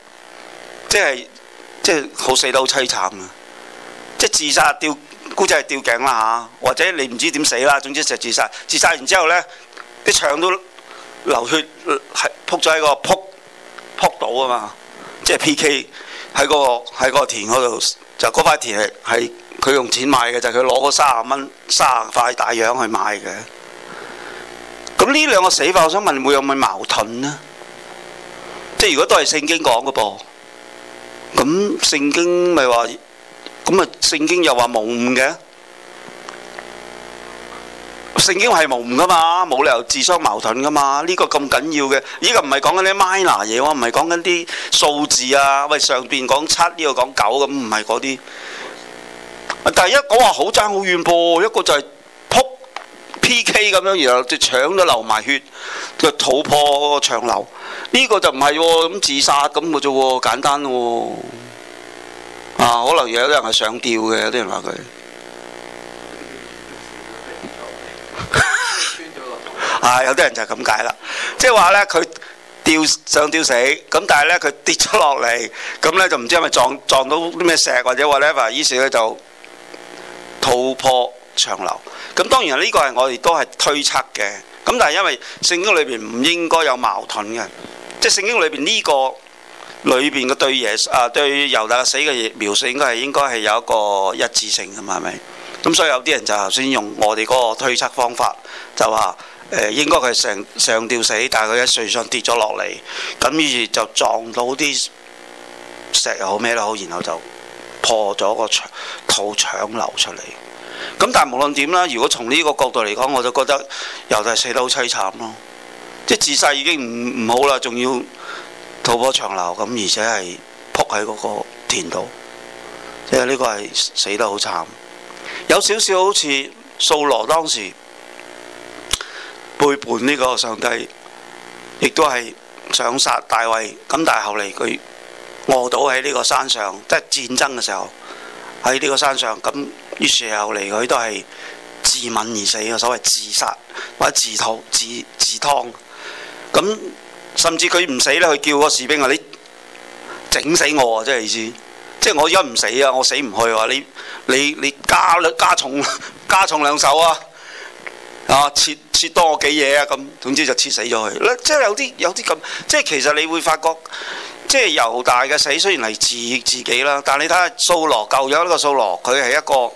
即係即係好死都好淒慘啊！即係自殺吊，估計係吊頸啦嚇，或者你唔知點死啦，總之就自殺。自殺完之後咧，啲腸都流血，係撲咗喺個撲撲到啊嘛，即係 P.K. 喺個喺個田嗰度，就嗰塊田係係佢用錢買嘅，就佢攞嗰卅蚊卅塊大洋去買嘅。咁呢兩個死法，我想問會有咪矛盾呢？即係如果都係聖經講嘅噃，咁聖經咪話，咁啊聖經又話無誤嘅，聖經係無誤噶嘛，冇理由自相矛盾噶嘛。呢個咁緊要嘅，依個唔係講緊啲 minor 嘢喎，唔係講緊啲數字啊，喂上邊講七呢個講九咁，唔係嗰啲。第一講話好爭好遠噃，一個就係。P.K. 咁樣，然後就腸都流埋血，就肚破腸流，呢個就唔係喎，咁自殺咁嘅啫喎，簡單喎、哦，啊，可能有啲人係想吊嘅，有啲人話佢， 啊，有啲人就係咁解啦，即係話咧佢吊想吊死，咁但係咧佢跌咗落嚟，咁咧就唔知係咪撞撞到啲咩石或者 whatever，於是咧就肚破腸流。咁當然呢個係我哋都係推測嘅。咁但係因為聖經裏邊唔應該有矛盾嘅，即係聖經裏邊呢個裏邊嘅對嘢，啊對猶大死嘅描述應，應該係應該係有一個一致性㗎嘛？係咪？咁所以有啲人就頭先用我哋嗰個推測方法，就話誒、呃、應該佢係上上吊死，但係佢一垂上跌咗落嚟，咁於是就撞到啲石又好咩都好，然後就破咗個腸肚腸流出嚟。咁但係無論點啦，如果從呢個角度嚟講，我就覺得猶大死得好凄慘咯，即係自細已經唔唔好啦，仲要肚破腸流咁，而且係仆喺嗰個田度，即係呢個係死得好慘。有少少好似掃羅當時背叛呢個上帝，亦都係想殺大衛。咁但係後嚟佢餓倒喺呢個山上，即係戰爭嘅時候喺呢個山上咁。於是後嚟，佢都係自刎而死啊！所謂自殺或者自吐、自自湯。咁甚至佢唔死咧，佢叫個士兵話：你整死我啊！即係意思，即係我而家唔死啊，我死唔去啊！你你你加加重加重兩手啊！啊，切切多我幾嘢啊！咁總之就切死咗佢。即係有啲有啲咁，即係其實你會發覺，即係猶大嘅死雖然係自自己啦，但係你睇下掃羅救咗呢個掃羅，佢係一,一個。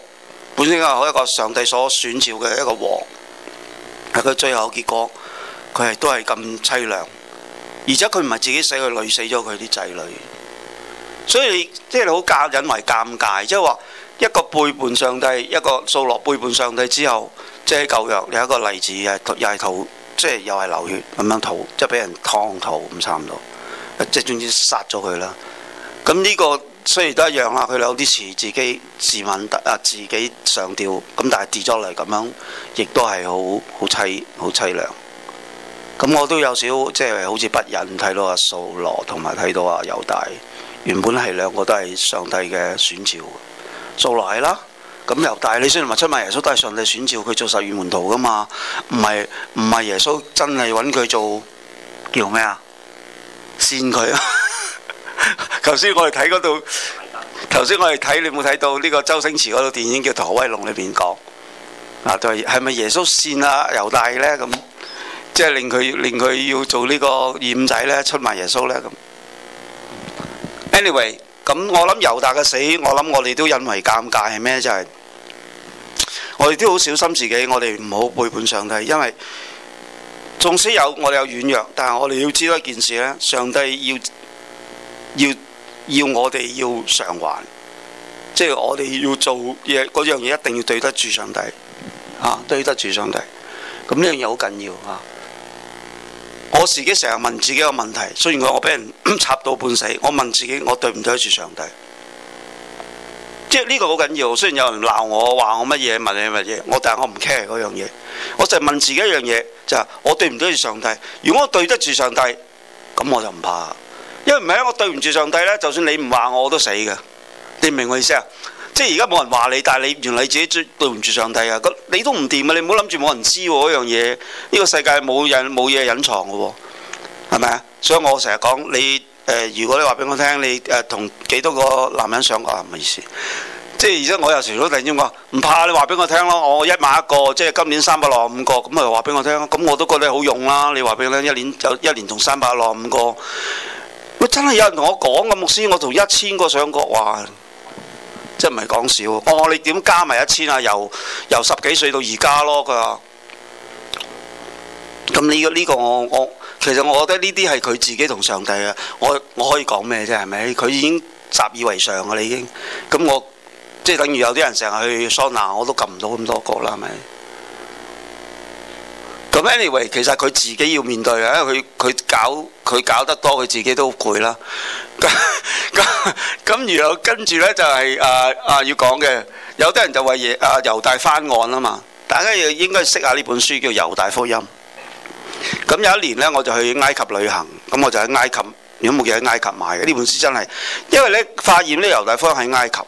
本身係一個上帝所選召嘅一個王，係佢最後結果，佢係都係咁凄涼，而且佢唔係自己死，佢累死咗佢啲仔女，所以即係好教人為尷尬，即係話一個背叛上帝，一個掃羅背叛上帝之後，即係舊約有一個例子又係吐，即係又係流血咁樣吐，即係俾人劏吐咁差唔多，即係總之殺咗佢啦。咁呢個。雖然都一樣啦，佢有啲事自己自刎啊，自己上吊咁，但係跌咗嚟咁樣，亦都係好好悽好悽涼。咁我都有少即係好似不忍睇到阿掃羅同埋睇到阿猶大，原本係兩個都係上帝嘅選召。掃羅係啦，咁猶大你雖然話出賣耶穌都係上帝選召，佢做十二門徒㗎嘛，唔係唔係耶穌真係揾佢做叫咩啊？跣佢啊！ 頭先 我哋睇嗰度，頭先我哋睇你有冇睇到呢、這個周星馳嗰套電影叫《逃威龍》裏邊講，是是啊，係咪耶穌先啊猶大？呢咁，即係令佢令佢要做呢個二五仔呢？出賣耶穌呢咁。Anyway，咁我諗猶大嘅死，我諗我哋都引為尷尬係咩？就係我哋都好小心自己，我哋唔好背叛上帝，因為縱使有我哋有軟弱，但係我哋要知道一件事咧，上帝要。要要要我哋要償還，即係我哋要做嘢嗰樣嘢，一定要對得住上帝，嚇、啊、對得住上帝。咁呢樣嘢好緊要嚇。啊、我自己成日問自己個問題，雖然我我俾人插到半死，我問自己，我對唔對得住上帝？即係呢個好緊要。雖然有人鬧我話我乜嘢問你乜嘢，我但係我唔 care 嗰樣嘢。我成日問自己一樣嘢，就係、是、我對唔對得住上帝？如果我對得住上帝，咁我就唔怕。因為唔係啊，我對唔住上帝呢。就算你唔話我，我都死嘅。你明我意思啊？即係而家冇人話你，但係你原來你自己對唔住上帝啊。你都唔掂啊！你唔好諗住冇人知嗰樣嘢。呢、呢個世界冇人冇嘢隱藏嘅喎、啊，係咪啊？所以我成日講你誒、呃，如果你話俾我聽，你誒同幾多個男人上過啊？唔好意思？即係而家我有時都突然間話唔怕，你話俾我聽咯。我一萬一個，即係今年三百六十五個咁啊，話俾我聽。咁我都覺得好用啦。你話俾我聽，一年有一年同三百六十五個。佢真係有人同我講嘅牧師，我同一千個上過，話，即係唔係講笑？哦，你點加埋一千啊？由由十幾歲到而家咯。佢話：咁呢個呢個，這個、我我其實我覺得呢啲係佢自己同上帝嘅。我我可以講咩啫？係咪？佢已經習以為常嘅啦，你已經。咁我即係等於有啲人成日去桑拿，我都撳唔到咁多個啦，係咪？咁 anyway，其實佢自己要面對嘅，因為佢佢搞。佢搞得多，佢自己都攰啦。咁咁，然後跟住呢、就係，就係啊啊要講嘅，有啲人就話嘢啊，猶大翻案啊嘛。大家要應該識下呢本書叫《猶大福音》。咁有一年呢，我就去埃及旅行，咁我就喺埃及，如果冇記喺埃及買嘅呢本書真係，因為呢發現呢《猶大福音》喺埃及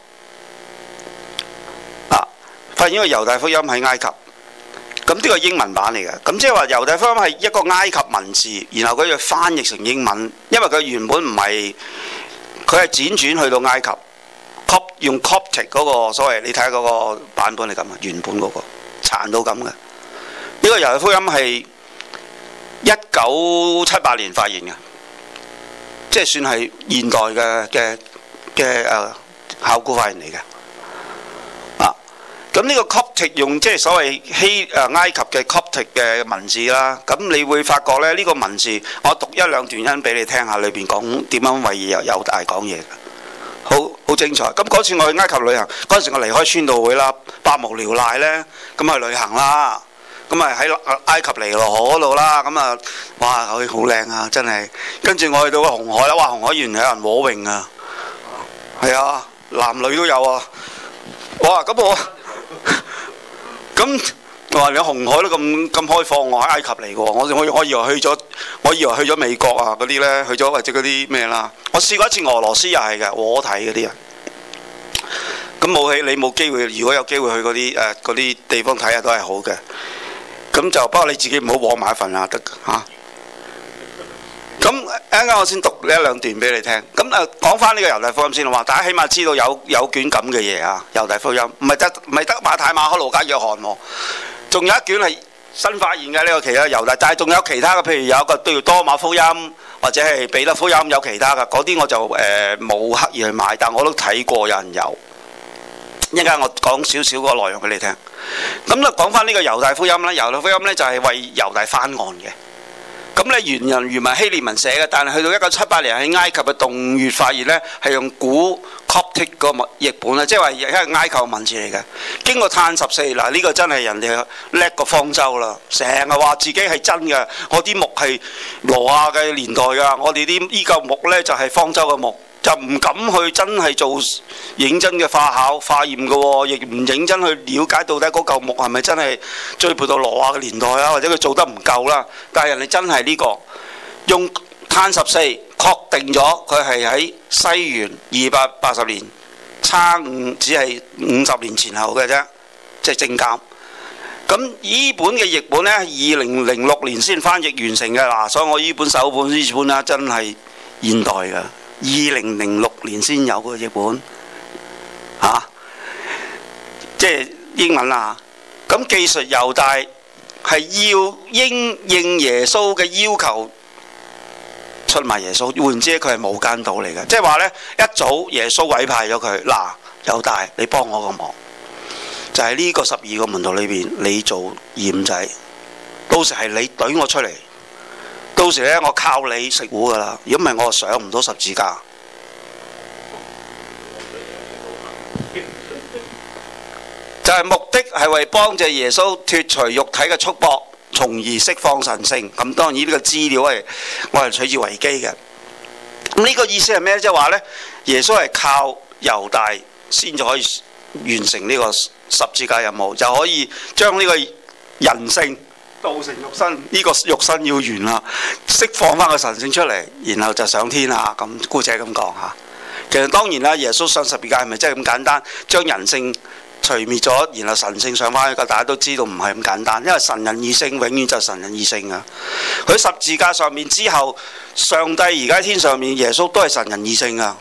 啊，發現個猶大福音喺埃及。咁呢個英文版嚟嘅，咁即係話猶大福音係一個埃及文字，然後佢又翻譯成英文，因為佢原本唔係，佢係輾轉去到埃及用 Coptic 嗰、那個所謂，你睇下嗰個版本係咁原本嗰、那個殘到咁嘅。呢、這個猶大福音係一九七八年發現嘅，即係算係現代嘅、啊、考古發現嚟嘅。咁呢個 Coptic 用即係所謂希誒埃及嘅 Coptic 嘅文字啦，咁你會發覺咧呢個文字，我讀一兩段音俾你聽下，裏邊講點樣為猶猶大講嘢，好好精彩。咁嗰次我去埃及旅行，嗰陣時我離開宣道會啦，百無聊賴咧，咁啊去旅行啦，咁啊喺埃及尼羅河嗰度啦，咁啊哇佢好靚啊，真係。跟住我去到個紅海啦，哇紅海原來有人裸泳啊，係啊，男女都有啊，哇咁我～咁話你紅海都咁咁開放，我喺埃及嚟嘅喎，我我我以為去咗，我以為去咗美國啊嗰啲咧，去咗或者嗰啲咩啦，我試過一次俄羅斯又係嘅，我睇嗰啲呀。咁冇你冇機會，如果有機會去嗰啲誒啲地方睇下都係好嘅。咁就不過你自己唔好枉買一份啦、啊，得嚇。啊。咁啱啱我先讀一兩段俾你聽。咁啊，講翻呢個猶大福音先啦，話大家起碼知道有有卷咁嘅嘢啊。猶大福音唔係得，唔係得馬太、馬可、路加、約翰喎。仲、啊、有一卷係新發現嘅呢、這個其他猶大，但係仲有其他嘅，譬如有一個都要多馬福音，或者係彼得福音，有其他嘅嗰啲我就誒冇、呃、刻意去買，但我都睇過有人有。一陣間我講少少個內容俾你聽。咁啊，講翻呢個猶大福音啦、啊。猶大福音咧就係、是、為猶大翻案嘅。咁咧，原人原文希臘文寫嘅，但係去到一九七八年喺埃及嘅洞穴發現呢，係用古 Coptic 個墨譯本啊，即係話亦係埃及文字嚟嘅。經過碳十四嗱，呢、這個真係人哋叻過方舟啦，成日話自己係真嘅，我啲木係羅亞嘅年代㗎，我哋啲依木咧就係、是、方舟嘅木。就唔敢去真係做認真嘅化考化驗嘅、哦，亦唔認真去了解到底嗰嚿木係咪真係追盤到羅亞嘅年代啊？或者佢做得唔夠啦？但係人哋真係呢、呢個用碳十四確定咗佢係喺西元二百八十年差五，只係五十年前後嘅啫，即、就、係、是、證鑑。咁依本嘅譯本呢，二零零六年先翻譯完成嘅嗱，所以我依本首本依本啦，真係現代㗎。二零零六年先有個譯本，嚇、啊，即係英文啊，咁技術猶大係要應應耶穌嘅要求出賣耶穌，換言之佢係無間道嚟嘅。即係話咧，一早耶穌委派咗佢嗱，猶大，你幫我個忙，就係、是、呢個十二個門徒裏邊，你做二五仔，到時係你懟我出嚟。到時呢，我靠你食糊㗎喇，如果唔係我就上唔到十字架。 就係目的係為幫助耶穌脫除肉體嘅束縛，從而釋放神性。咁、嗯、當然呢個資料係我係取自維基嘅。咁、嗯、呢、這個意思係咩？即係話呢，耶穌係靠猶大先至可以完成呢個十字架任務，就可以將呢個人性。道成肉身，呢、這個肉身要完啦，釋放翻個神性出嚟，然後就上天啦。咁姑且咁講吓，其實當然啦，耶穌上十字架係咪真係咁簡單，將人性除滅咗，然後神性上翻去？個大家都知道唔係咁簡單，因為神人二性永遠就係神人二性啊。佢十字架上面之後，上帝而家喺天上面，耶穌都係神人二性啊。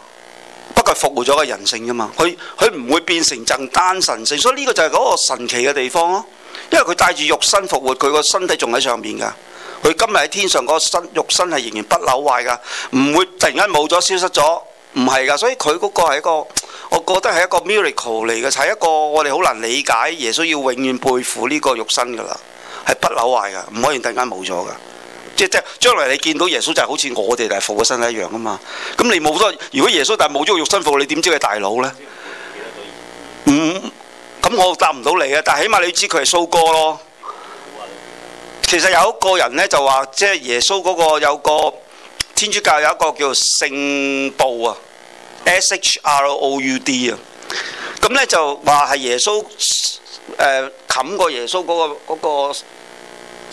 不過復活咗個人性噶嘛，佢佢唔會變成淨單神性，所以呢個就係嗰個神奇嘅地方咯。因為佢帶住肉身復活，佢個身體仲喺上面噶。佢今日喺天上嗰個身肉身係仍然不朽壞噶，唔會突然間冇咗消失咗，唔係噶。所以佢嗰個係一個，我覺得係一個 miracle 嚟嘅，就係一個我哋好難理解。耶穌要永遠背負呢個肉身噶啦，係不朽壞噶，唔可以突然間冇咗噶。即係即係將來你見到耶穌就係好似我哋嚟復嘅身體一樣吖嘛。咁你冇咗，如果耶穌但係冇咗個肉身復，你點知佢大佬呢？嗯咁、嗯、我答唔到你啊，但起碼你知佢係掃哥咯。其實有一個人呢，就話，即、就、係、是、耶穌嗰個有個天主教有一個叫聖布啊，S H R O U D 啊。咁、嗯、咧就話係耶穌誒冚、呃、過耶穌嗰個嗰個。那個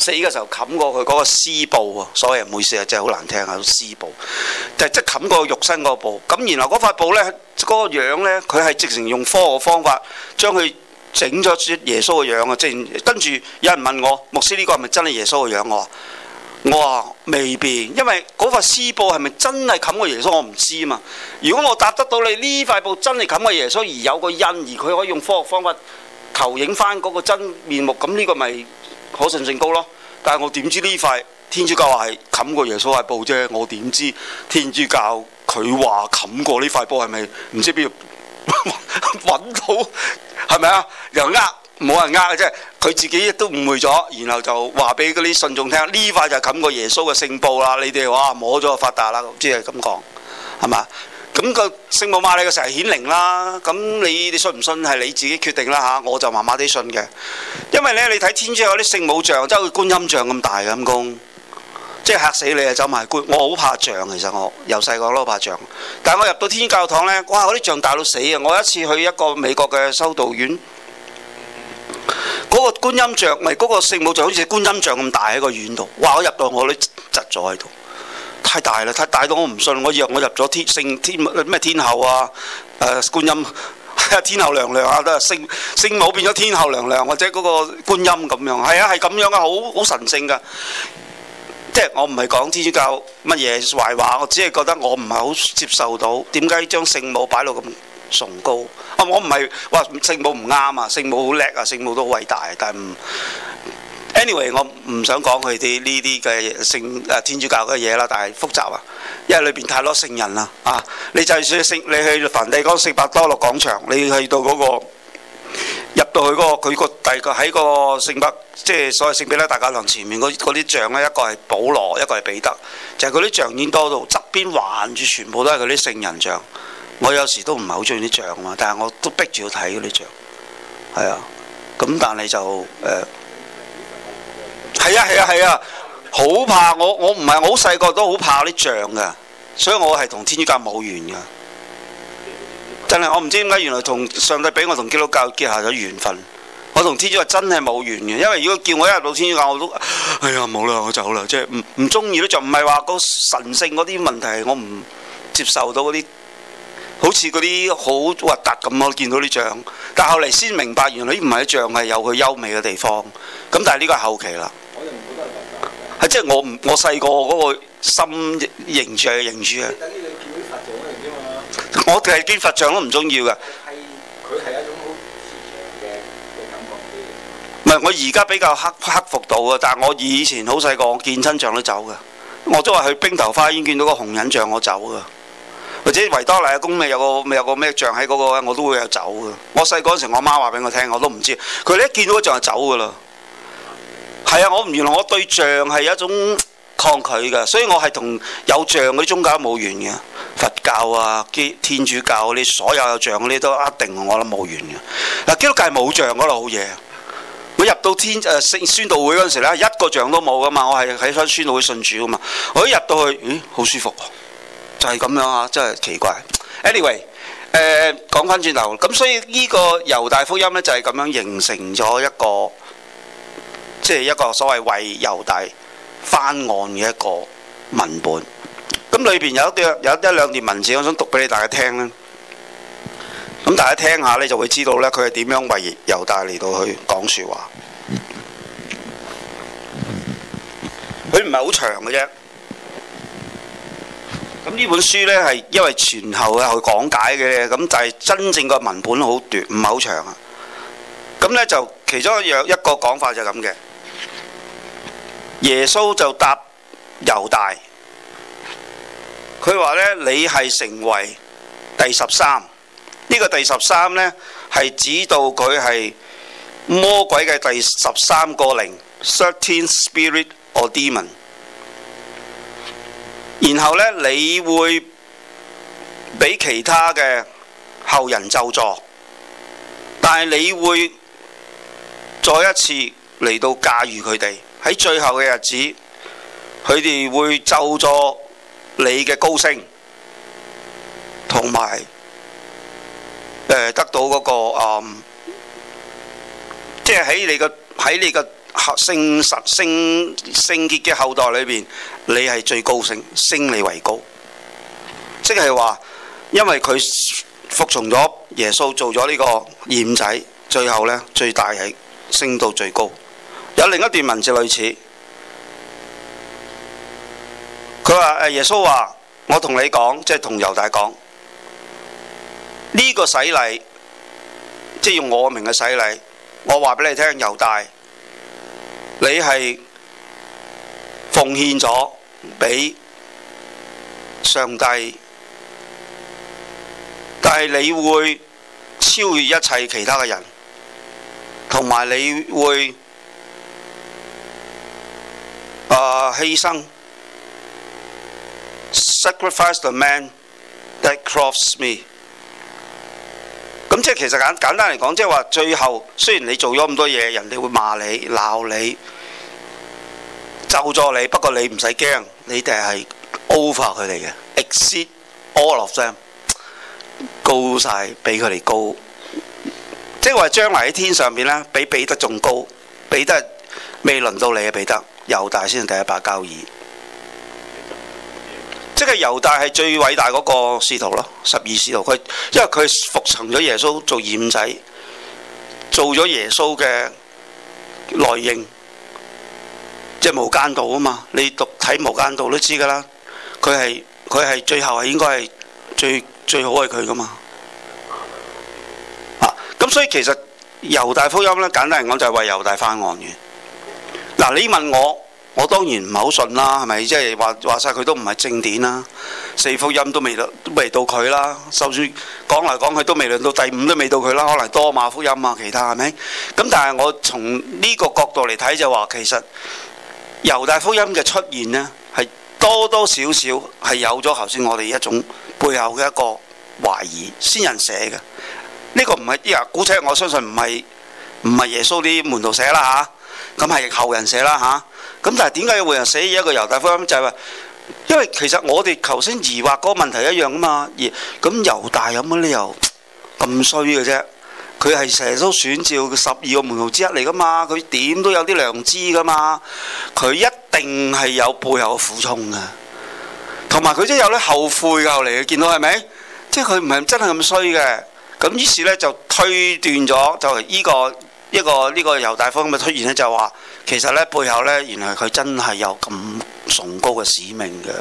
死嘅時候冚過佢嗰個絲布啊，所以唔好意思啊，真係好難聽啊，絲布，就即係冚過肉身嗰個布。咁然後嗰塊布呢，嗰、嗰個樣咧，佢係直情用科學方法將佢整咗出耶穌嘅樣啊！即係跟住有人問我，牧師呢個係咪真係耶穌嘅樣？我話我話未必，因為嗰塊絲布係咪真係冚過耶穌，我唔知啊嘛。如果我答得到你呢塊布真係冚過耶穌，而有個印，而佢可以用科學方法投影返嗰個真面目，咁呢個咪、就係？可信性高咯，但係我點知呢塊天主教話係冚過耶穌嘅布啫？我點知天主教佢話冚過呢塊布係咪唔知邊度揾到？係咪啊？又呃冇人呃嘅啫，佢自己都誤會咗，然後就話俾嗰啲信眾聽呢塊就冚過耶穌嘅聖布啦，你哋話、啊、摸咗就發達啦，即係咁講係嘛？是咁個聖母瑪利成日顯靈啦，咁你你信唔信係你自己決定啦嚇，我就麻麻地信嘅。因為咧，你睇天主教啲聖母像，即係觀音像咁大咁公，即係嚇死你啊！走埋觀，我好怕像，其實我由細個都怕像，但係我入到天主教堂咧，哇！嗰啲像大到死啊！我一次去一個美國嘅修道院，嗰、嗰個觀音像咪嗰、嗰個聖母像好似觀音像咁大喺個院度，哇！我入到我都窒咗喺度。太大啦，太大到我唔信。我以為我入咗天聖天咩天后啊？誒、呃、觀音 天后娘娘啊，都係聖聖母變咗天后娘娘，或者嗰個觀音咁樣，係啊，係咁樣啊，好好神聖噶。即係我唔係講天主教乜嘢壞話，我只係覺得我唔係好接受到點解將聖母擺到咁崇高。啊，我唔係話聖母唔啱啊，聖母好叻啊，聖母都好偉大，但係唔。anyway，我唔想講佢啲呢啲嘅聖誒、啊、天主教嘅嘢啦，但係複雜啊，因為裏邊太多聖人啦啊！你就去聖，你去梵蒂岡聖伯多祿廣場，你去到嗰、嗰個入到去嗰、嗰個佢、嗰個大概喺個聖伯即係所謂聖彼得大教堂前面嗰啲像咧，一個係保羅，一個係彼得，就係嗰啲像已經多到側邊環住全部都係嗰啲聖人像。我有時都唔係好中意啲像，像啊，但係我都逼住要睇嗰啲像係啊。咁但係就誒。係啊，係啊，係啊！好怕，我，我唔係我好細個都好怕啲象嘅，所以我係同天主教冇緣㗎。真係我唔知點解，原來同上帝俾我同基督教結下咗緣分。我同天主教真係冇緣嘅，因為如果叫我一入到天主教，我都哎呀，冇啦，我走啦，即係唔唔中意咯。就唔係話個神聖嗰啲問題，我唔接受到嗰啲好似嗰啲好核突咁。我見到啲象，但係後嚟先明白，原來啲唔係象係有佢優美嘅地方。咁但係呢個係後期啦。係、 嗯、即係我唔，我細個嗰個心形象嘅認住啊。你等像我係見佛像都唔中意噶。係佢係一種好慈祥嘅唔係我而家比較克服克服到噶，但我以前好細個見親像都走噶。我都話去冰頭花園見到個紅人像我走噶，或者維多利亞宮咪有個有個咩像喺嗰、那個，我都會有走噶。我細個嗰陣時，我媽話俾我聽，我都唔知。佢哋一見到個像就走噶啦。係啊，我唔原來我對象係一種抗拒㗎，所以我係同有象嗰啲宗教冇緣嘅，佛教啊、天主教嗰啲所有有像嗰啲都一定我諗冇緣嘅。嗱，基督教冇象嗰度好嘢。我入到天誒聖、呃、宣道會嗰陣時咧，一個像都冇㗎嘛，我係喺間宣道會信主㗎嘛。我一入到去，咦，好舒服、啊，就係、是、咁樣啊，真係奇怪。Anyway，誒講翻轉頭，咁所以呢個猶大福音咧就係咁樣形成咗一個。即係一個所謂為猶大翻案嘅一個文本，咁裏邊有一有一一兩段文字，我想讀俾你大家聽咧。咁大家聽下你，就會知道咧佢係點樣為猶大嚟到去講説話。佢唔係好長嘅啫。咁呢本書咧係因為前後啊去講解嘅，咁就係真正個文本好短，唔係好長啊。咁咧就其中有一個講法就係咁嘅。耶穌就答猶大，佢話咧：你係成為第十三呢、這個第十三咧，係指到佢係魔鬼嘅第十三個靈 （Thirteen Spirit or Demon）。然後咧，你會畀其他嘅後人咒詛，但係你會再一次嚟到駕馭佢哋。喺最後嘅日子，佢哋會就咗你嘅高升，同埋誒得到嗰、那個啊，即係喺你個喺你個聖實聖聖潔嘅後代裏邊，你係最高升，升你為高，即係話，因為佢服從咗耶穌，做咗呢個僱仔，最後咧，最大係升到最高。有另一段文字類似，佢話：誒耶穌話，我同你講，即係同猶大講，呢個洗禮，即係用我名嘅洗禮。我話俾你聽，猶大，你係奉獻咗俾上帝，但係你會超越一切其他嘅人，同埋你會。犧牲，sacrifice the man that cross me。咁即係其實簡簡單嚟講，即係話最後雖然你做咗咁多嘢，人哋會罵你、鬧你、咒咗你，不過你唔使驚，你哋係 over 佢哋嘅，exceed all of them，高晒，比佢哋高，即係話將來喺天上面咧，比彼得仲高，彼得未輪到你啊，彼得。猶大先係第一把交椅，即係猶大係最偉大嗰個使徒咯，十二使徒佢，因為佢服從咗耶穌做二五仔，做咗耶穌嘅內應，即係無間道啊嘛！你讀睇無間道都知噶啦，佢係佢係最後係應該係最最好係佢噶嘛，咁，啊、所以其實猶大福音咧，簡單嚟講就係為猶大翻案嘅。嗱，你問我，我當然唔係好信啦，係咪？即係話話晒佢都唔係正典啦，四福音都未到，都未到佢啦。就算講嚟講去都未輪到第五都未到佢啦，可能多馬福音啊，其他係咪？咁但係我從呢個角度嚟睇就話，其實猶大福音嘅出現呢，係多多少少係有咗頭先我哋一種背後嘅一個懷疑，先人寫嘅。呢、呢個唔係啲，姑且，我相信唔係唔係耶穌啲門徒寫啦嚇。啊。咁係後人寫啦吓，咁、啊、但係點解要後人寫嘢？一個猶大福音就係話，因為其實我哋頭先疑惑嗰個問題一樣噶嘛，咁猶大有乜理由咁衰嘅啫？佢係成日都選召十二個門徒之一嚟噶嘛，佢點都有啲良知噶嘛，佢一定係有背後嘅苦衷嘅，同埋佢真係有啲後悔嚟嘅。你見到係咪？即係佢唔係真係咁衰嘅。咁於是咧就推斷咗就係、這、依個。一個呢個猶大風咁嘅出現咧，就話其實咧背後咧，原來佢真係有咁崇高嘅使命嘅。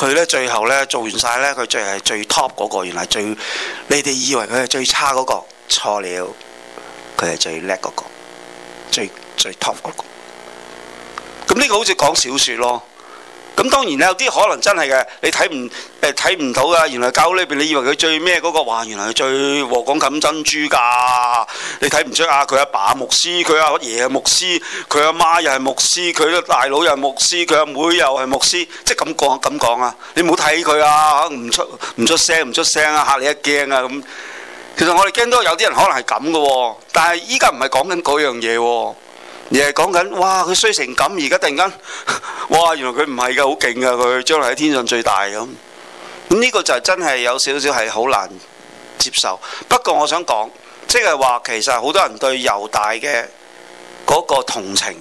佢咧最後咧做完曬咧，佢最係最，最 top 嗰個，原來最你哋以為佢係最差嗰個，錯了，佢係最叻嗰個，最最 top 嗰個。咁呢個好似講小説咯。咁當然有啲可能真係嘅，你睇唔誒睇唔到㗎。原來教會裏邊，你以為佢最咩嗰、那個哇，原來係最禾稈冚珍珠㗎。你睇唔出啊？佢阿爸，爸牧師，佢阿爺係牧師，佢阿媽又係牧師，佢個大佬又係牧師，佢阿妹又係牧，牧師，即係咁講咁講啊！你唔好睇佢啊，唔出唔出聲，唔出聲啊，嚇你一驚啊咁。其實我哋驚都有啲人可能係咁嘅喎，但係依家唔係講緊嗰樣嘢喎、啊。你係講緊，哇！佢衰成咁，而家突然間，哇！原來佢唔係㗎，好勁㗎佢，將來喺天上最大咁。咁呢個就真係有少少係好難接受。不過我想講，即係話其實好多人對猶大嘅嗰個同情，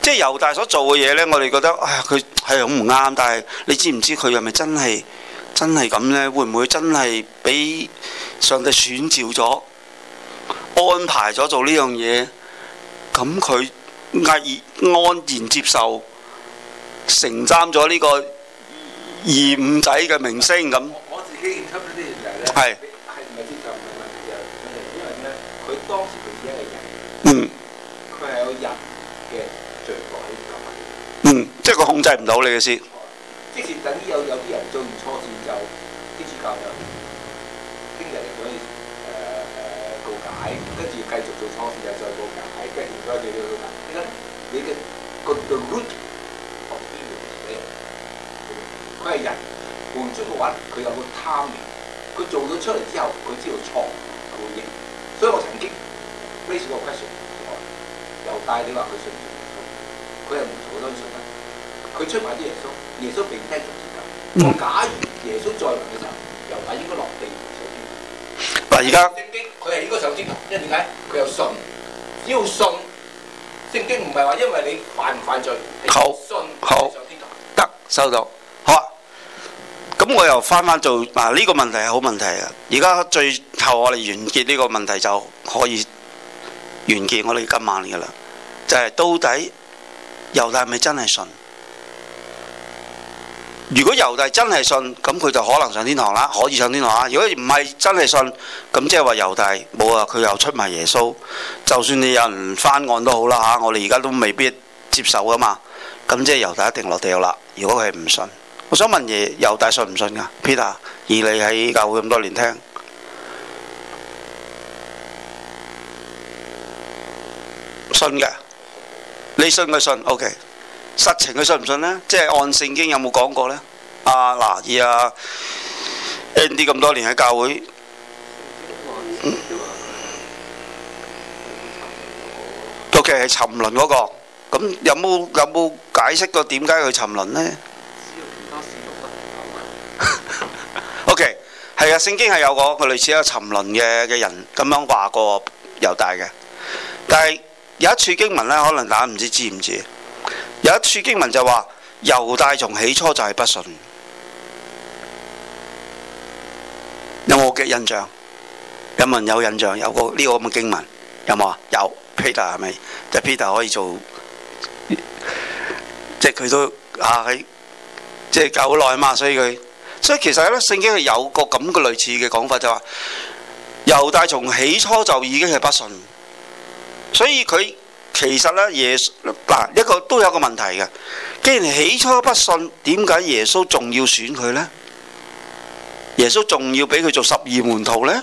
即係猶大所做嘅嘢呢，我哋覺得，哎呀，佢係好唔啱。但係你知唔知佢係咪真係真係咁呢？會唔會真係俾上帝選召咗、安排咗做呢樣嘢？咁佢毅然安然接受，承擔咗呢個二五仔嘅名聲咁。我自己演出嗰啲人咧，係係唔係接受唔係問題，又係因為咩？佢當時佢自己係人。嗯。佢係有人嘅罪過喺度。嗯，即係佢控制唔到你嘅事。即係等於有有啲人做。佢係人，換咗嘅話，佢有個貪念，佢做咗出嚟之後，佢知道錯，佢應，所以我曾經呢小個 question 有帶你話佢信耶穌，佢係唔做好多人都信，佢出埋啲耶穌，耶穌被釘喺十字架，我假如耶穌再來嘅時候，又係應該落地，嗱而家，聖經佢係應該上天堂，因為點解？佢又信，要信。正經唔係話，因為你犯唔犯罪？信好，信好，這個、得收到，好回回啊。咁我又翻翻做嗱，呢個問題係好問題啊！而家最後我哋完結呢個問題就可以完結，我哋今晚嘅啦，就係、是、到底猶大係咪真係信？如果猶大真係信，咁佢就可能上天堂啦，可以上天堂啊！如果唔係真係信，咁即係話猶大冇啊，佢又出埋耶穌。就算你有人翻案都好啦嚇、啊，我哋而家都未必接受噶嘛。咁即係猶大一定落地獄啦。如果佢唔信，我想問嘢，猶大信唔信噶？Peter，而你喺教會咁多年聽，信嘅，你信佢信？OK。實情佢信唔信呢？即係按聖經有冇講過呢？啊，嗱、啊，兒阿 ND 咁多年喺教會，尤其係沉淪嗰、嗰個，咁有冇有冇解釋過點解佢沉淪呢？OK，係啊，聖經係有個類似一個沉淪嘅嘅人咁樣話過猶大嘅，但係有一處經文呢，可能大家唔知知唔知？有一處經文就話，猶大從起初就係不信。有冇嘅印象？有冇人有，有印象，有個呢個咁嘅經文，有冇啊？有 Peter 係咪？即 Peter 可以做，即佢都啊喺，即夠耐啊嘛，所以佢，所以其實咧，聖經係有個咁嘅類似嘅講法就，就話猶大從起初就已經係不信，所以佢。其實呢，耶穌嗱一個都有個問題嘅。既然起初不信，點解耶穌仲要選佢呢？耶穌仲要俾佢做十二門徒呢？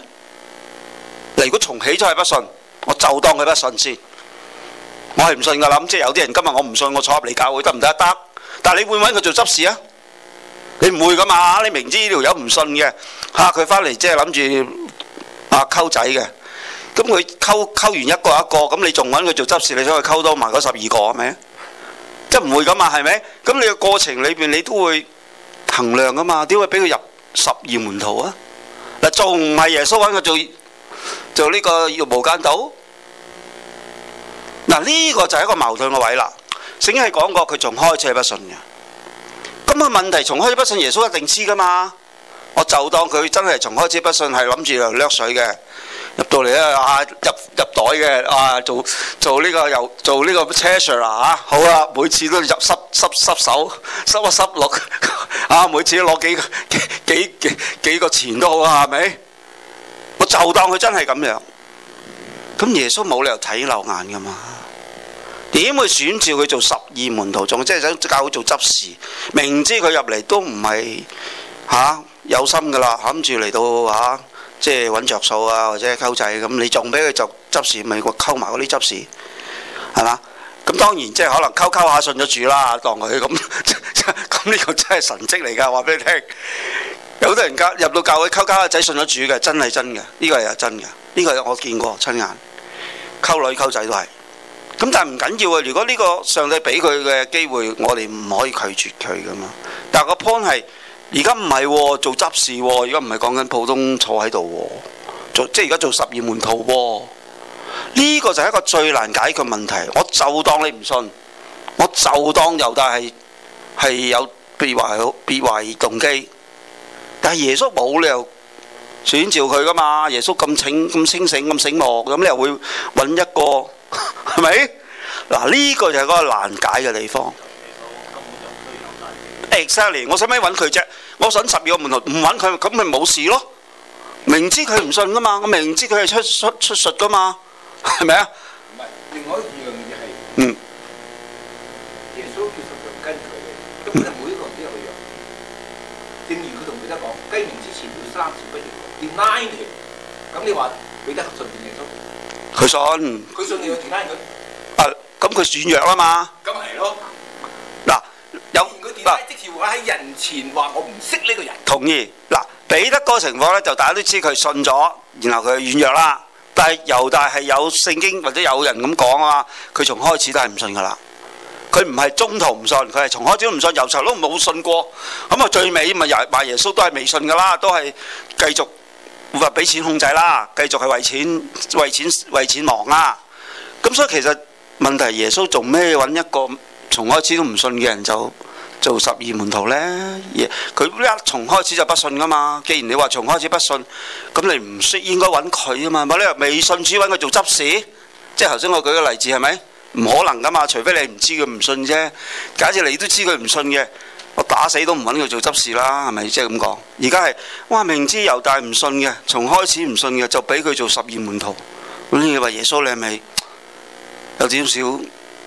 如果從起初係不信，我就當佢不信先。我係唔信噶，諗即係有啲人今日我唔信，我坐入嚟教會得唔得？得，但係你會唔會搵佢做執事啊？你唔會噶嘛？你明知呢條友唔信嘅，吓佢返嚟即係諗住啊溝仔嘅。咁佢溝溝完一個一個，咁你仲揾佢做執事，你想佢溝多埋嗰十二個啊？係咪？即係唔會咁嘛，係咪？咁你嘅過程裏邊你都會衡量噶嘛？點會俾佢入十二門徒、這個這個、啊？嗱，仲唔係耶穌揾佢做做呢個無間道？嗱，呢個就係一個矛盾嘅位啦。淨係講過佢從開始不信嘅，咁、那、啊、個、問題從開始不信耶穌一定知噶嘛？我就當佢真係從開始不信係諗住嚟掠水嘅。入到嚟咧，啊入入袋嘅，啊做做呢個又做呢個 treasurer 好啦、啊，每次都入濕濕濕手，濕個濕落，啊每次攞幾個幾幾幾個錢都好啊，係咪？我就當佢真係咁樣，咁耶穌冇理由睇漏眼噶嘛？點會選召佢做十二門徒仲即係想教佢做執事，明知佢入嚟都唔係吓有心噶啦，諗住嚟到吓。啊即係揾着數啊，或者溝仔咁，你仲俾佢就執事咪個溝埋嗰啲執事，係嘛？咁當然即係可能溝溝下信咗主啦，當佢咁咁呢個真係神蹟嚟㗎，話俾你聽。有好多人家入到教會溝溝下仔信咗主嘅，真係真嘅，呢、這個係真嘅，呢、這個係我見過親眼，溝女溝仔都係。咁但係唔緊要啊，如果呢個上帝俾佢嘅機會，我哋唔可以拒絕佢㗎嘛。但係個 point 係。而家唔係喎，做執事喎、哦。而家唔係講緊普通坐喺度喎，做即係而家做十二門徒喎、哦。呢、這個就係一個最難解決問題。我就當你唔信，我就當猶大係係有別懷有別懷疑動機。但係耶穌冇理由你又選召佢㗎嘛？耶穌咁清咁清醒咁醒目，咁你又會揾一個係咪？嗱， 呢、這個就係嗰個難解嘅地方。我使咩揾佢啫？我想十二個門徒唔揾佢，咁咪冇事咯。明知佢唔信噶嘛，我明知佢係出出出術噶嘛，係咪啊？唔係，另外一樣嘢，係嗯，耶穌接受羊跟隨，咁啊每一個人都有弱。正如佢同彼得講，雞年之前要三次不認我，要拉佢。咁你話彼得信唔信耶穌？佢信，佢信你要拉佢。不，咁佢軟弱啦嘛。咁係咯。即係我喺人前話，我唔識呢個人。同意嗱俾得個情況呢，就大家都知佢信咗，然後佢軟弱啦。但係猶大係有聖經或者有人咁講啊，佢從開始都係唔信噶啦。佢唔係中途唔信，佢係從開始都唔信，由頭都冇信過。咁啊，最尾咪又話耶穌都係未信噶啦，都係繼續話俾錢控制啦，繼續係為錢為錢為錢，為錢忙啦。咁所以其實問題，耶穌做咩揾一個從開始都唔信嘅人就？做十二門徒呢，佢一從開始就不信噶嘛。既然你話從開始不信，咁你唔應應該揾佢啊嘛。你話未信只揾佢做執事，即係頭先我舉個例子係咪？唔可能噶嘛，除非你唔知佢唔信啫。假設你都知佢唔信嘅，我打死都唔揾佢做執事啦，係咪？即係咁講。而家係哇，明知猶大唔信嘅，從開始唔信嘅，就俾佢做十二門徒。咁你話耶穌你係咪有少少？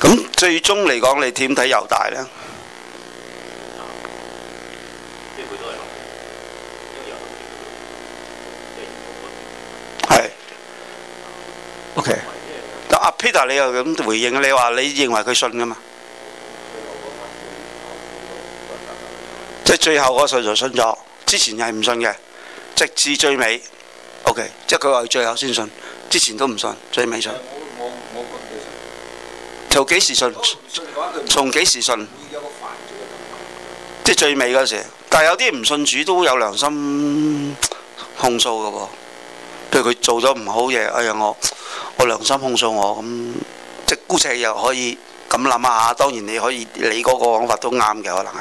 咁最終嚟講，你點睇猶大呢？係。OK。嗱，阿 Peter 你又咁回應，你話你認為佢信噶嘛？即最後嗰時就信咗，之前係唔信嘅，直至最尾。OK。即佢話佢最後先信，之前都唔信，最尾信。從幾時信？從幾時信？即係最尾嗰時。但係有啲唔信主都有良心控訴嘅喎，譬如佢做咗唔好嘢，哎呀我我良心控訴我咁，即姑且又可以咁諗下。當然你可以你嗰個講法都啱嘅，可能係。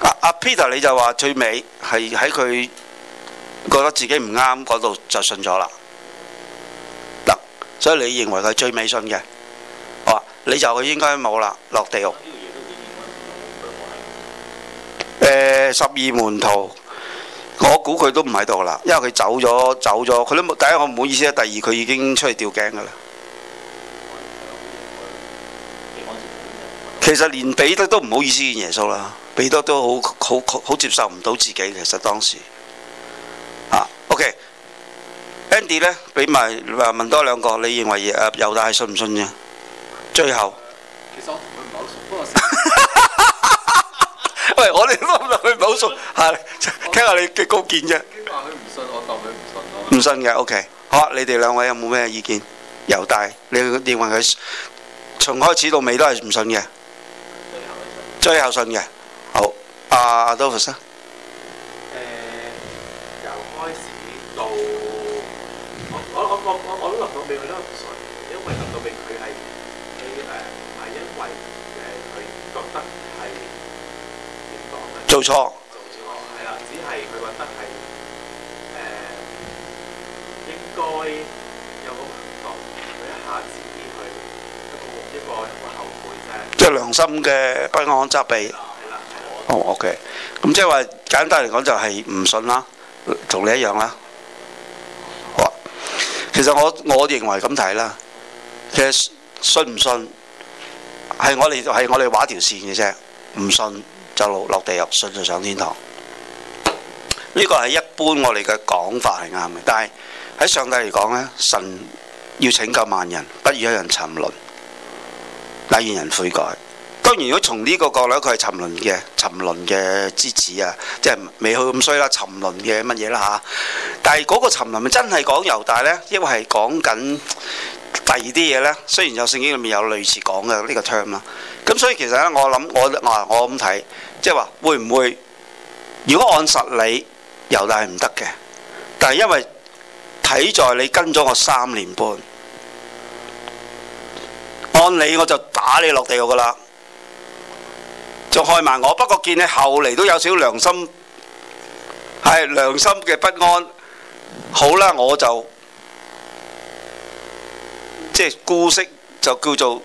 阿阿 Peter 你就話最尾係喺佢覺得自己唔啱嗰度就信咗啦。所以你認為佢最尾信嘅，你就應該冇啦，落地獄。嗯，十二門徒，我估佢都唔喺度啦，因為佢走咗，走咗，佢都冇。第一，我唔好意思；第二，佢已經出去吊頸噶啦。其實連彼得都唔好意思見耶穌啦，彼得都好好好接受唔到自己，其實當時 O K。啊 okay. Andy 咧，俾埋話問多兩個，你認為誒猶大信唔信啫？最後，其實我同佢唔好熟。喂，我哋諗落去唔好熟，係聽下你嘅高見啫。佢話佢唔信，我氹佢唔信。唔信嘅，OK。好，你哋兩位有冇咩意見？猶大，你認為佢從開始到尾都係唔信嘅？最後信嘅。好，啊多謝。我我我都諗到尾佢都唔信，因為諗到尾佢係佢誒，係因為誒，佢覺得係點講咧？做錯，做錯係啦，只係佢覺得係誒應該有個感覺，佢一下子變佢一個一個後悔嘅。即係良心嘅不安責備。係啦。哦，O K。咁即係話簡單嚟講，就係唔信啦，同你一樣啦。其實我我認為咁睇啦，其實信唔信係我哋係我哋畫條線嘅啫，唔信就落落地獄，信就上天堂。呢個係一般我哋嘅講法係啱嘅，但係喺上帝嚟講呢，神要拯救萬人，不願有人沉淪，乃願人悔改。當然，如果從呢個角度來，佢係沉淪嘅，沉淪嘅之子啊，即係未去咁衰啦，沉淪嘅乜嘢啦。但係嗰個沉淪係真係講猶大呢？因為係講緊第二啲嘢咧。雖然有聖經裏面有類似講嘅呢個 term 啦。咁所以其實咧，我諗我我我咁睇，即係話會唔會？如果按實理，猶大係唔得嘅。但係因為睇在你跟咗我三年半，按理我就打你落地獄去噶啦仲害埋我，不過見你後嚟都有少良心，係良心嘅不安。好啦，我就即係姑息，就是、就叫做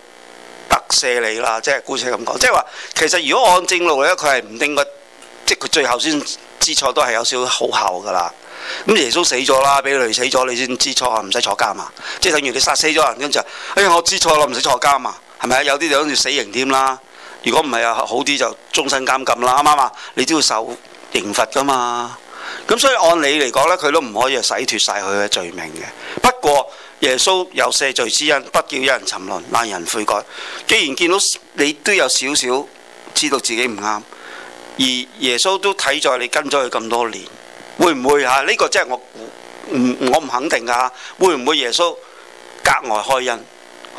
特赦你啦。即係姑息咁講，即係話其實如果按正路嚟咧，佢係唔應該，即係佢最後先知錯都係有少好後㗎啦。咁耶穌死咗啦，俾雷死咗，你先知錯啊，唔使坐監啊。即係等於你殺死咗人，跟住誒我知錯啦，唔使坐監啊，係咪啊？有啲就好似死刑添啦。如果唔係啊，好啲就終身監禁啦，啱唔啱啊？你都要受刑罰噶嘛。咁所以按理嚟講呢，佢都唔可以洗脫晒佢嘅罪名嘅。不過耶穌有赦罪之恩，不叫有人沉淪，難人悔改。既然見到你，你都有少少知道自己唔啱，而耶穌都睇在你跟咗佢咁多年，會唔會嚇？呢、這個即係我唔，我唔肯定噶。會唔會耶穌格外開恩？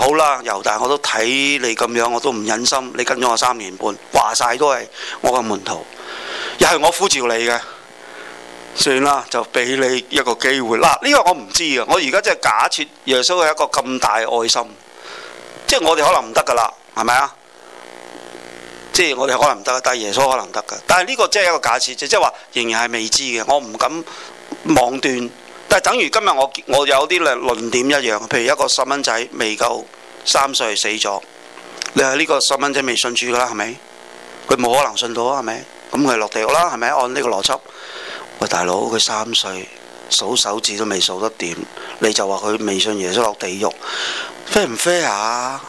好啦，猶大，我都睇你咁樣，我都唔忍心。你跟咗我三年半，話晒都係我嘅門徒，又係我呼召你嘅。算啦，就俾你一個機會。嗱、啊，呢、呢個我唔知啊。我而家真係假設耶穌係一個咁大愛心，即係我哋可能唔得噶啦，係咪啊？即係我哋可能唔得，但係耶穌可能得嘅。但係呢個真係一個假設，即係話仍然係未知嘅。我唔敢妄斷。但係等於今日我我有啲論點一樣，譬如一個細蚊仔未夠三歲死咗，你係呢個細蚊仔未信主㗎啦，係咪？佢冇可能信到啊，係咪？咁佢落地獄啦，係咪？按呢個邏輯，喂大佬，佢三歲數手指都未數得掂，你就話佢未信耶穌落地獄 fair 唔 fair 啊？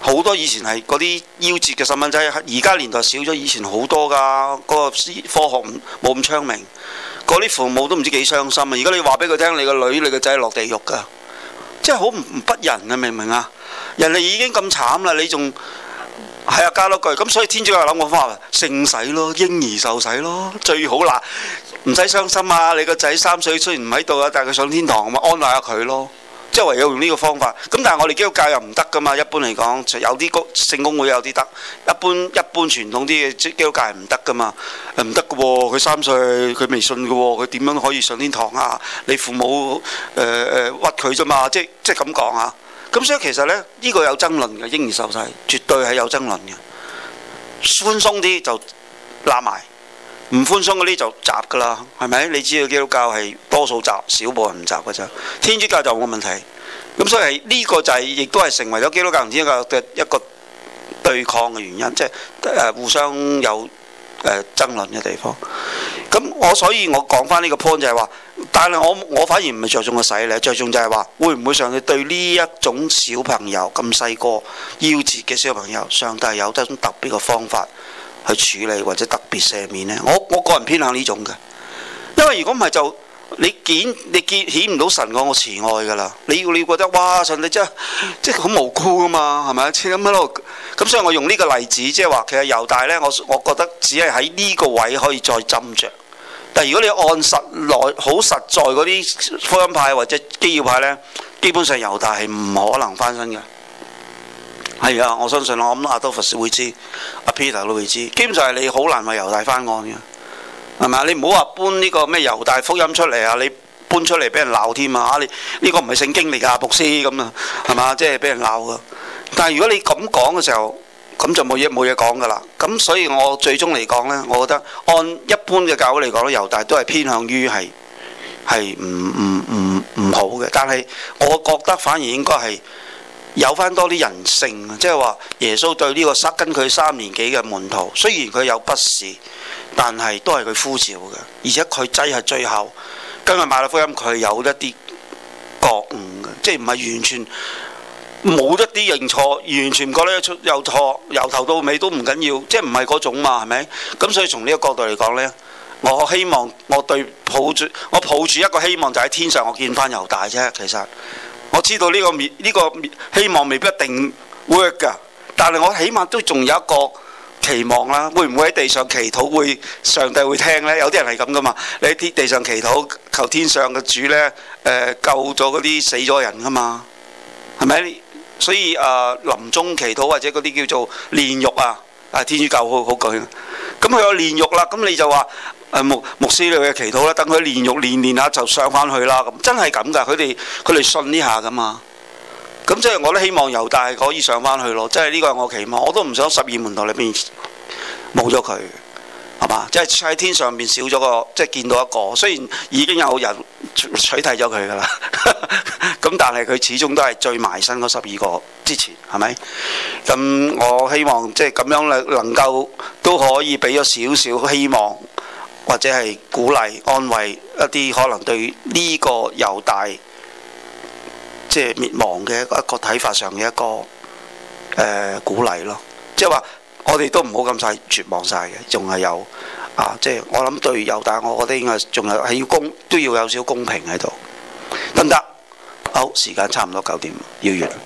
好多以前係嗰啲夭折嘅細蚊仔，而家年代少咗以前好多㗎，嗰、嗰個科學冇咁昌明。嗰啲父母都唔知幾傷心啊！如果你話俾佢聽，你個女、你個仔落地獄㗎，真係好唔不仁啊！明唔明啊？人哋已經咁慘啦，你仲係啊加多句咁，所以天主教諗個方法聖洗咯，嬰兒受洗咯，最好啦唔使傷心啊！你個仔三歲雖然唔喺度啦，但係佢上天堂咁啊，安慰下佢咯。即係唯有用呢個方法咁，但係我哋基督教又唔得噶嘛。一般嚟講，有啲個聖公會有啲得，一般一般傳統啲嘅基督教係唔得噶嘛，唔得噶喎。佢、哦、三歲，佢未信噶喎、哦，佢點樣可以上天堂啊？你父母誒誒屈佢啫嘛，即即係咁講啊。咁所以其實咧，呢、呢個有爭論嘅嬰兒受洗，絕對係有爭論嘅。寬鬆啲就攬埋。唔寬鬆嗰啲就雜噶啦，係咪？你知道基督教係多數雜，少部分唔雜噶啫。天主教就冇問題，咁所以呢個就係、是、亦都係成為咗基督教同天主教嘅一個對抗嘅原因，即、就、係、是呃、互相有誒、呃、爭論嘅地方。咁我所以我講翻呢個 point 就係話，但係我我反而唔係着重個洗禮，著重就係話會唔會上帝對呢一種小朋友咁細個夭折嘅小朋友，上帝有一種特別嘅方法，去處理或者特別赦免呢，我我個人偏向呢種嘅，因為如果唔係就你見你見顯唔到神嘅慈愛㗎啦，你要你要覺得哇神你真即係好無辜㗎嘛係咪？似咁、就是、樣咯，咁所以我用呢個例子即係話其實猶大呢，我我覺得只係喺呢個位可以再斟酌，但係如果你按實內好實在嗰啲福音派或者基要派呢，基本上猶大係唔可能翻身嘅。係啊，我相信我諗阿多佛士會知，阿 Peter 都會知。基本上係你好難為猶大翻案嘅，係咪？你唔好話搬呢個咩猶大福音出嚟啊！你搬出嚟俾人鬧添啊！你呢個唔係聖經嚟㗎，牧師咁啊，係咪？即係俾人鬧㗎。但係如果你咁講嘅時候，咁就冇嘢冇嘢講㗎啦。咁所以我最終嚟講呢，我覺得按一般嘅教會嚟講咧，猶大都係偏向於係係唔唔唔唔好嘅。但係我覺得反而應該係。有翻多啲人性啊！即係話耶穌對呢、呢個跟佢三年幾嘅門徒，雖然佢有不是，但係都係佢呼召嘅。而且佢擠係最後，跟住馬六福音佢有一啲覺悟嘅，即係唔係完全冇一啲認錯，完全覺得出有錯，由頭到尾都唔緊要，即係唔係嗰種嘛？係咪？咁所以從呢個角度嚟講呢，我希望我對抱住我抱住一個希望就喺、是、天上，我見翻猶大啫，其實。我知道呢、這個面呢、這個希望未必一定 work 㗎，但係我起碼都仲有一個期望啦。會唔會喺地上祈禱會？會上帝會聽呢。有啲人係咁㗎嘛？你喺地上祈禱求天上嘅主呢，誒、呃、救咗嗰啲死咗人㗎嘛？係咪？所以誒、呃、臨終祈禱或者嗰啲叫做煉獄啊，啊天主教好好舉。咁佢有煉獄啦，咁你就話。牧，牧師你嘅祈禱啦，等佢煉獄煉煉下就上返去啦。咁真係咁㗎，佢哋佢哋信呢下㗎嘛。咁即係我都希望猶大可以上返去咯。即係呢個係我期望，我都唔想十二門徒裏邊冇咗佢，係嘛？即係喺天上邊少咗個，即係見到一個。雖然已經有人取替咗佢㗎啦，咁 但係佢始終都係最埋身嗰十二個之前係咪？咁我希望即係咁樣咧，能夠都可以俾咗少少希望。或者係鼓勵安慰一啲可能對呢個猶大即係、就是、滅亡嘅一個睇法上嘅一個誒、呃、鼓勵咯，即係話我哋都唔好咁晒絕望晒嘅，仲係有啊！即、就、係、是、我諗對猶大，我覺得應該仲係係要公都要有少少公平喺度，得唔得？好，時間差唔多九點要完結了。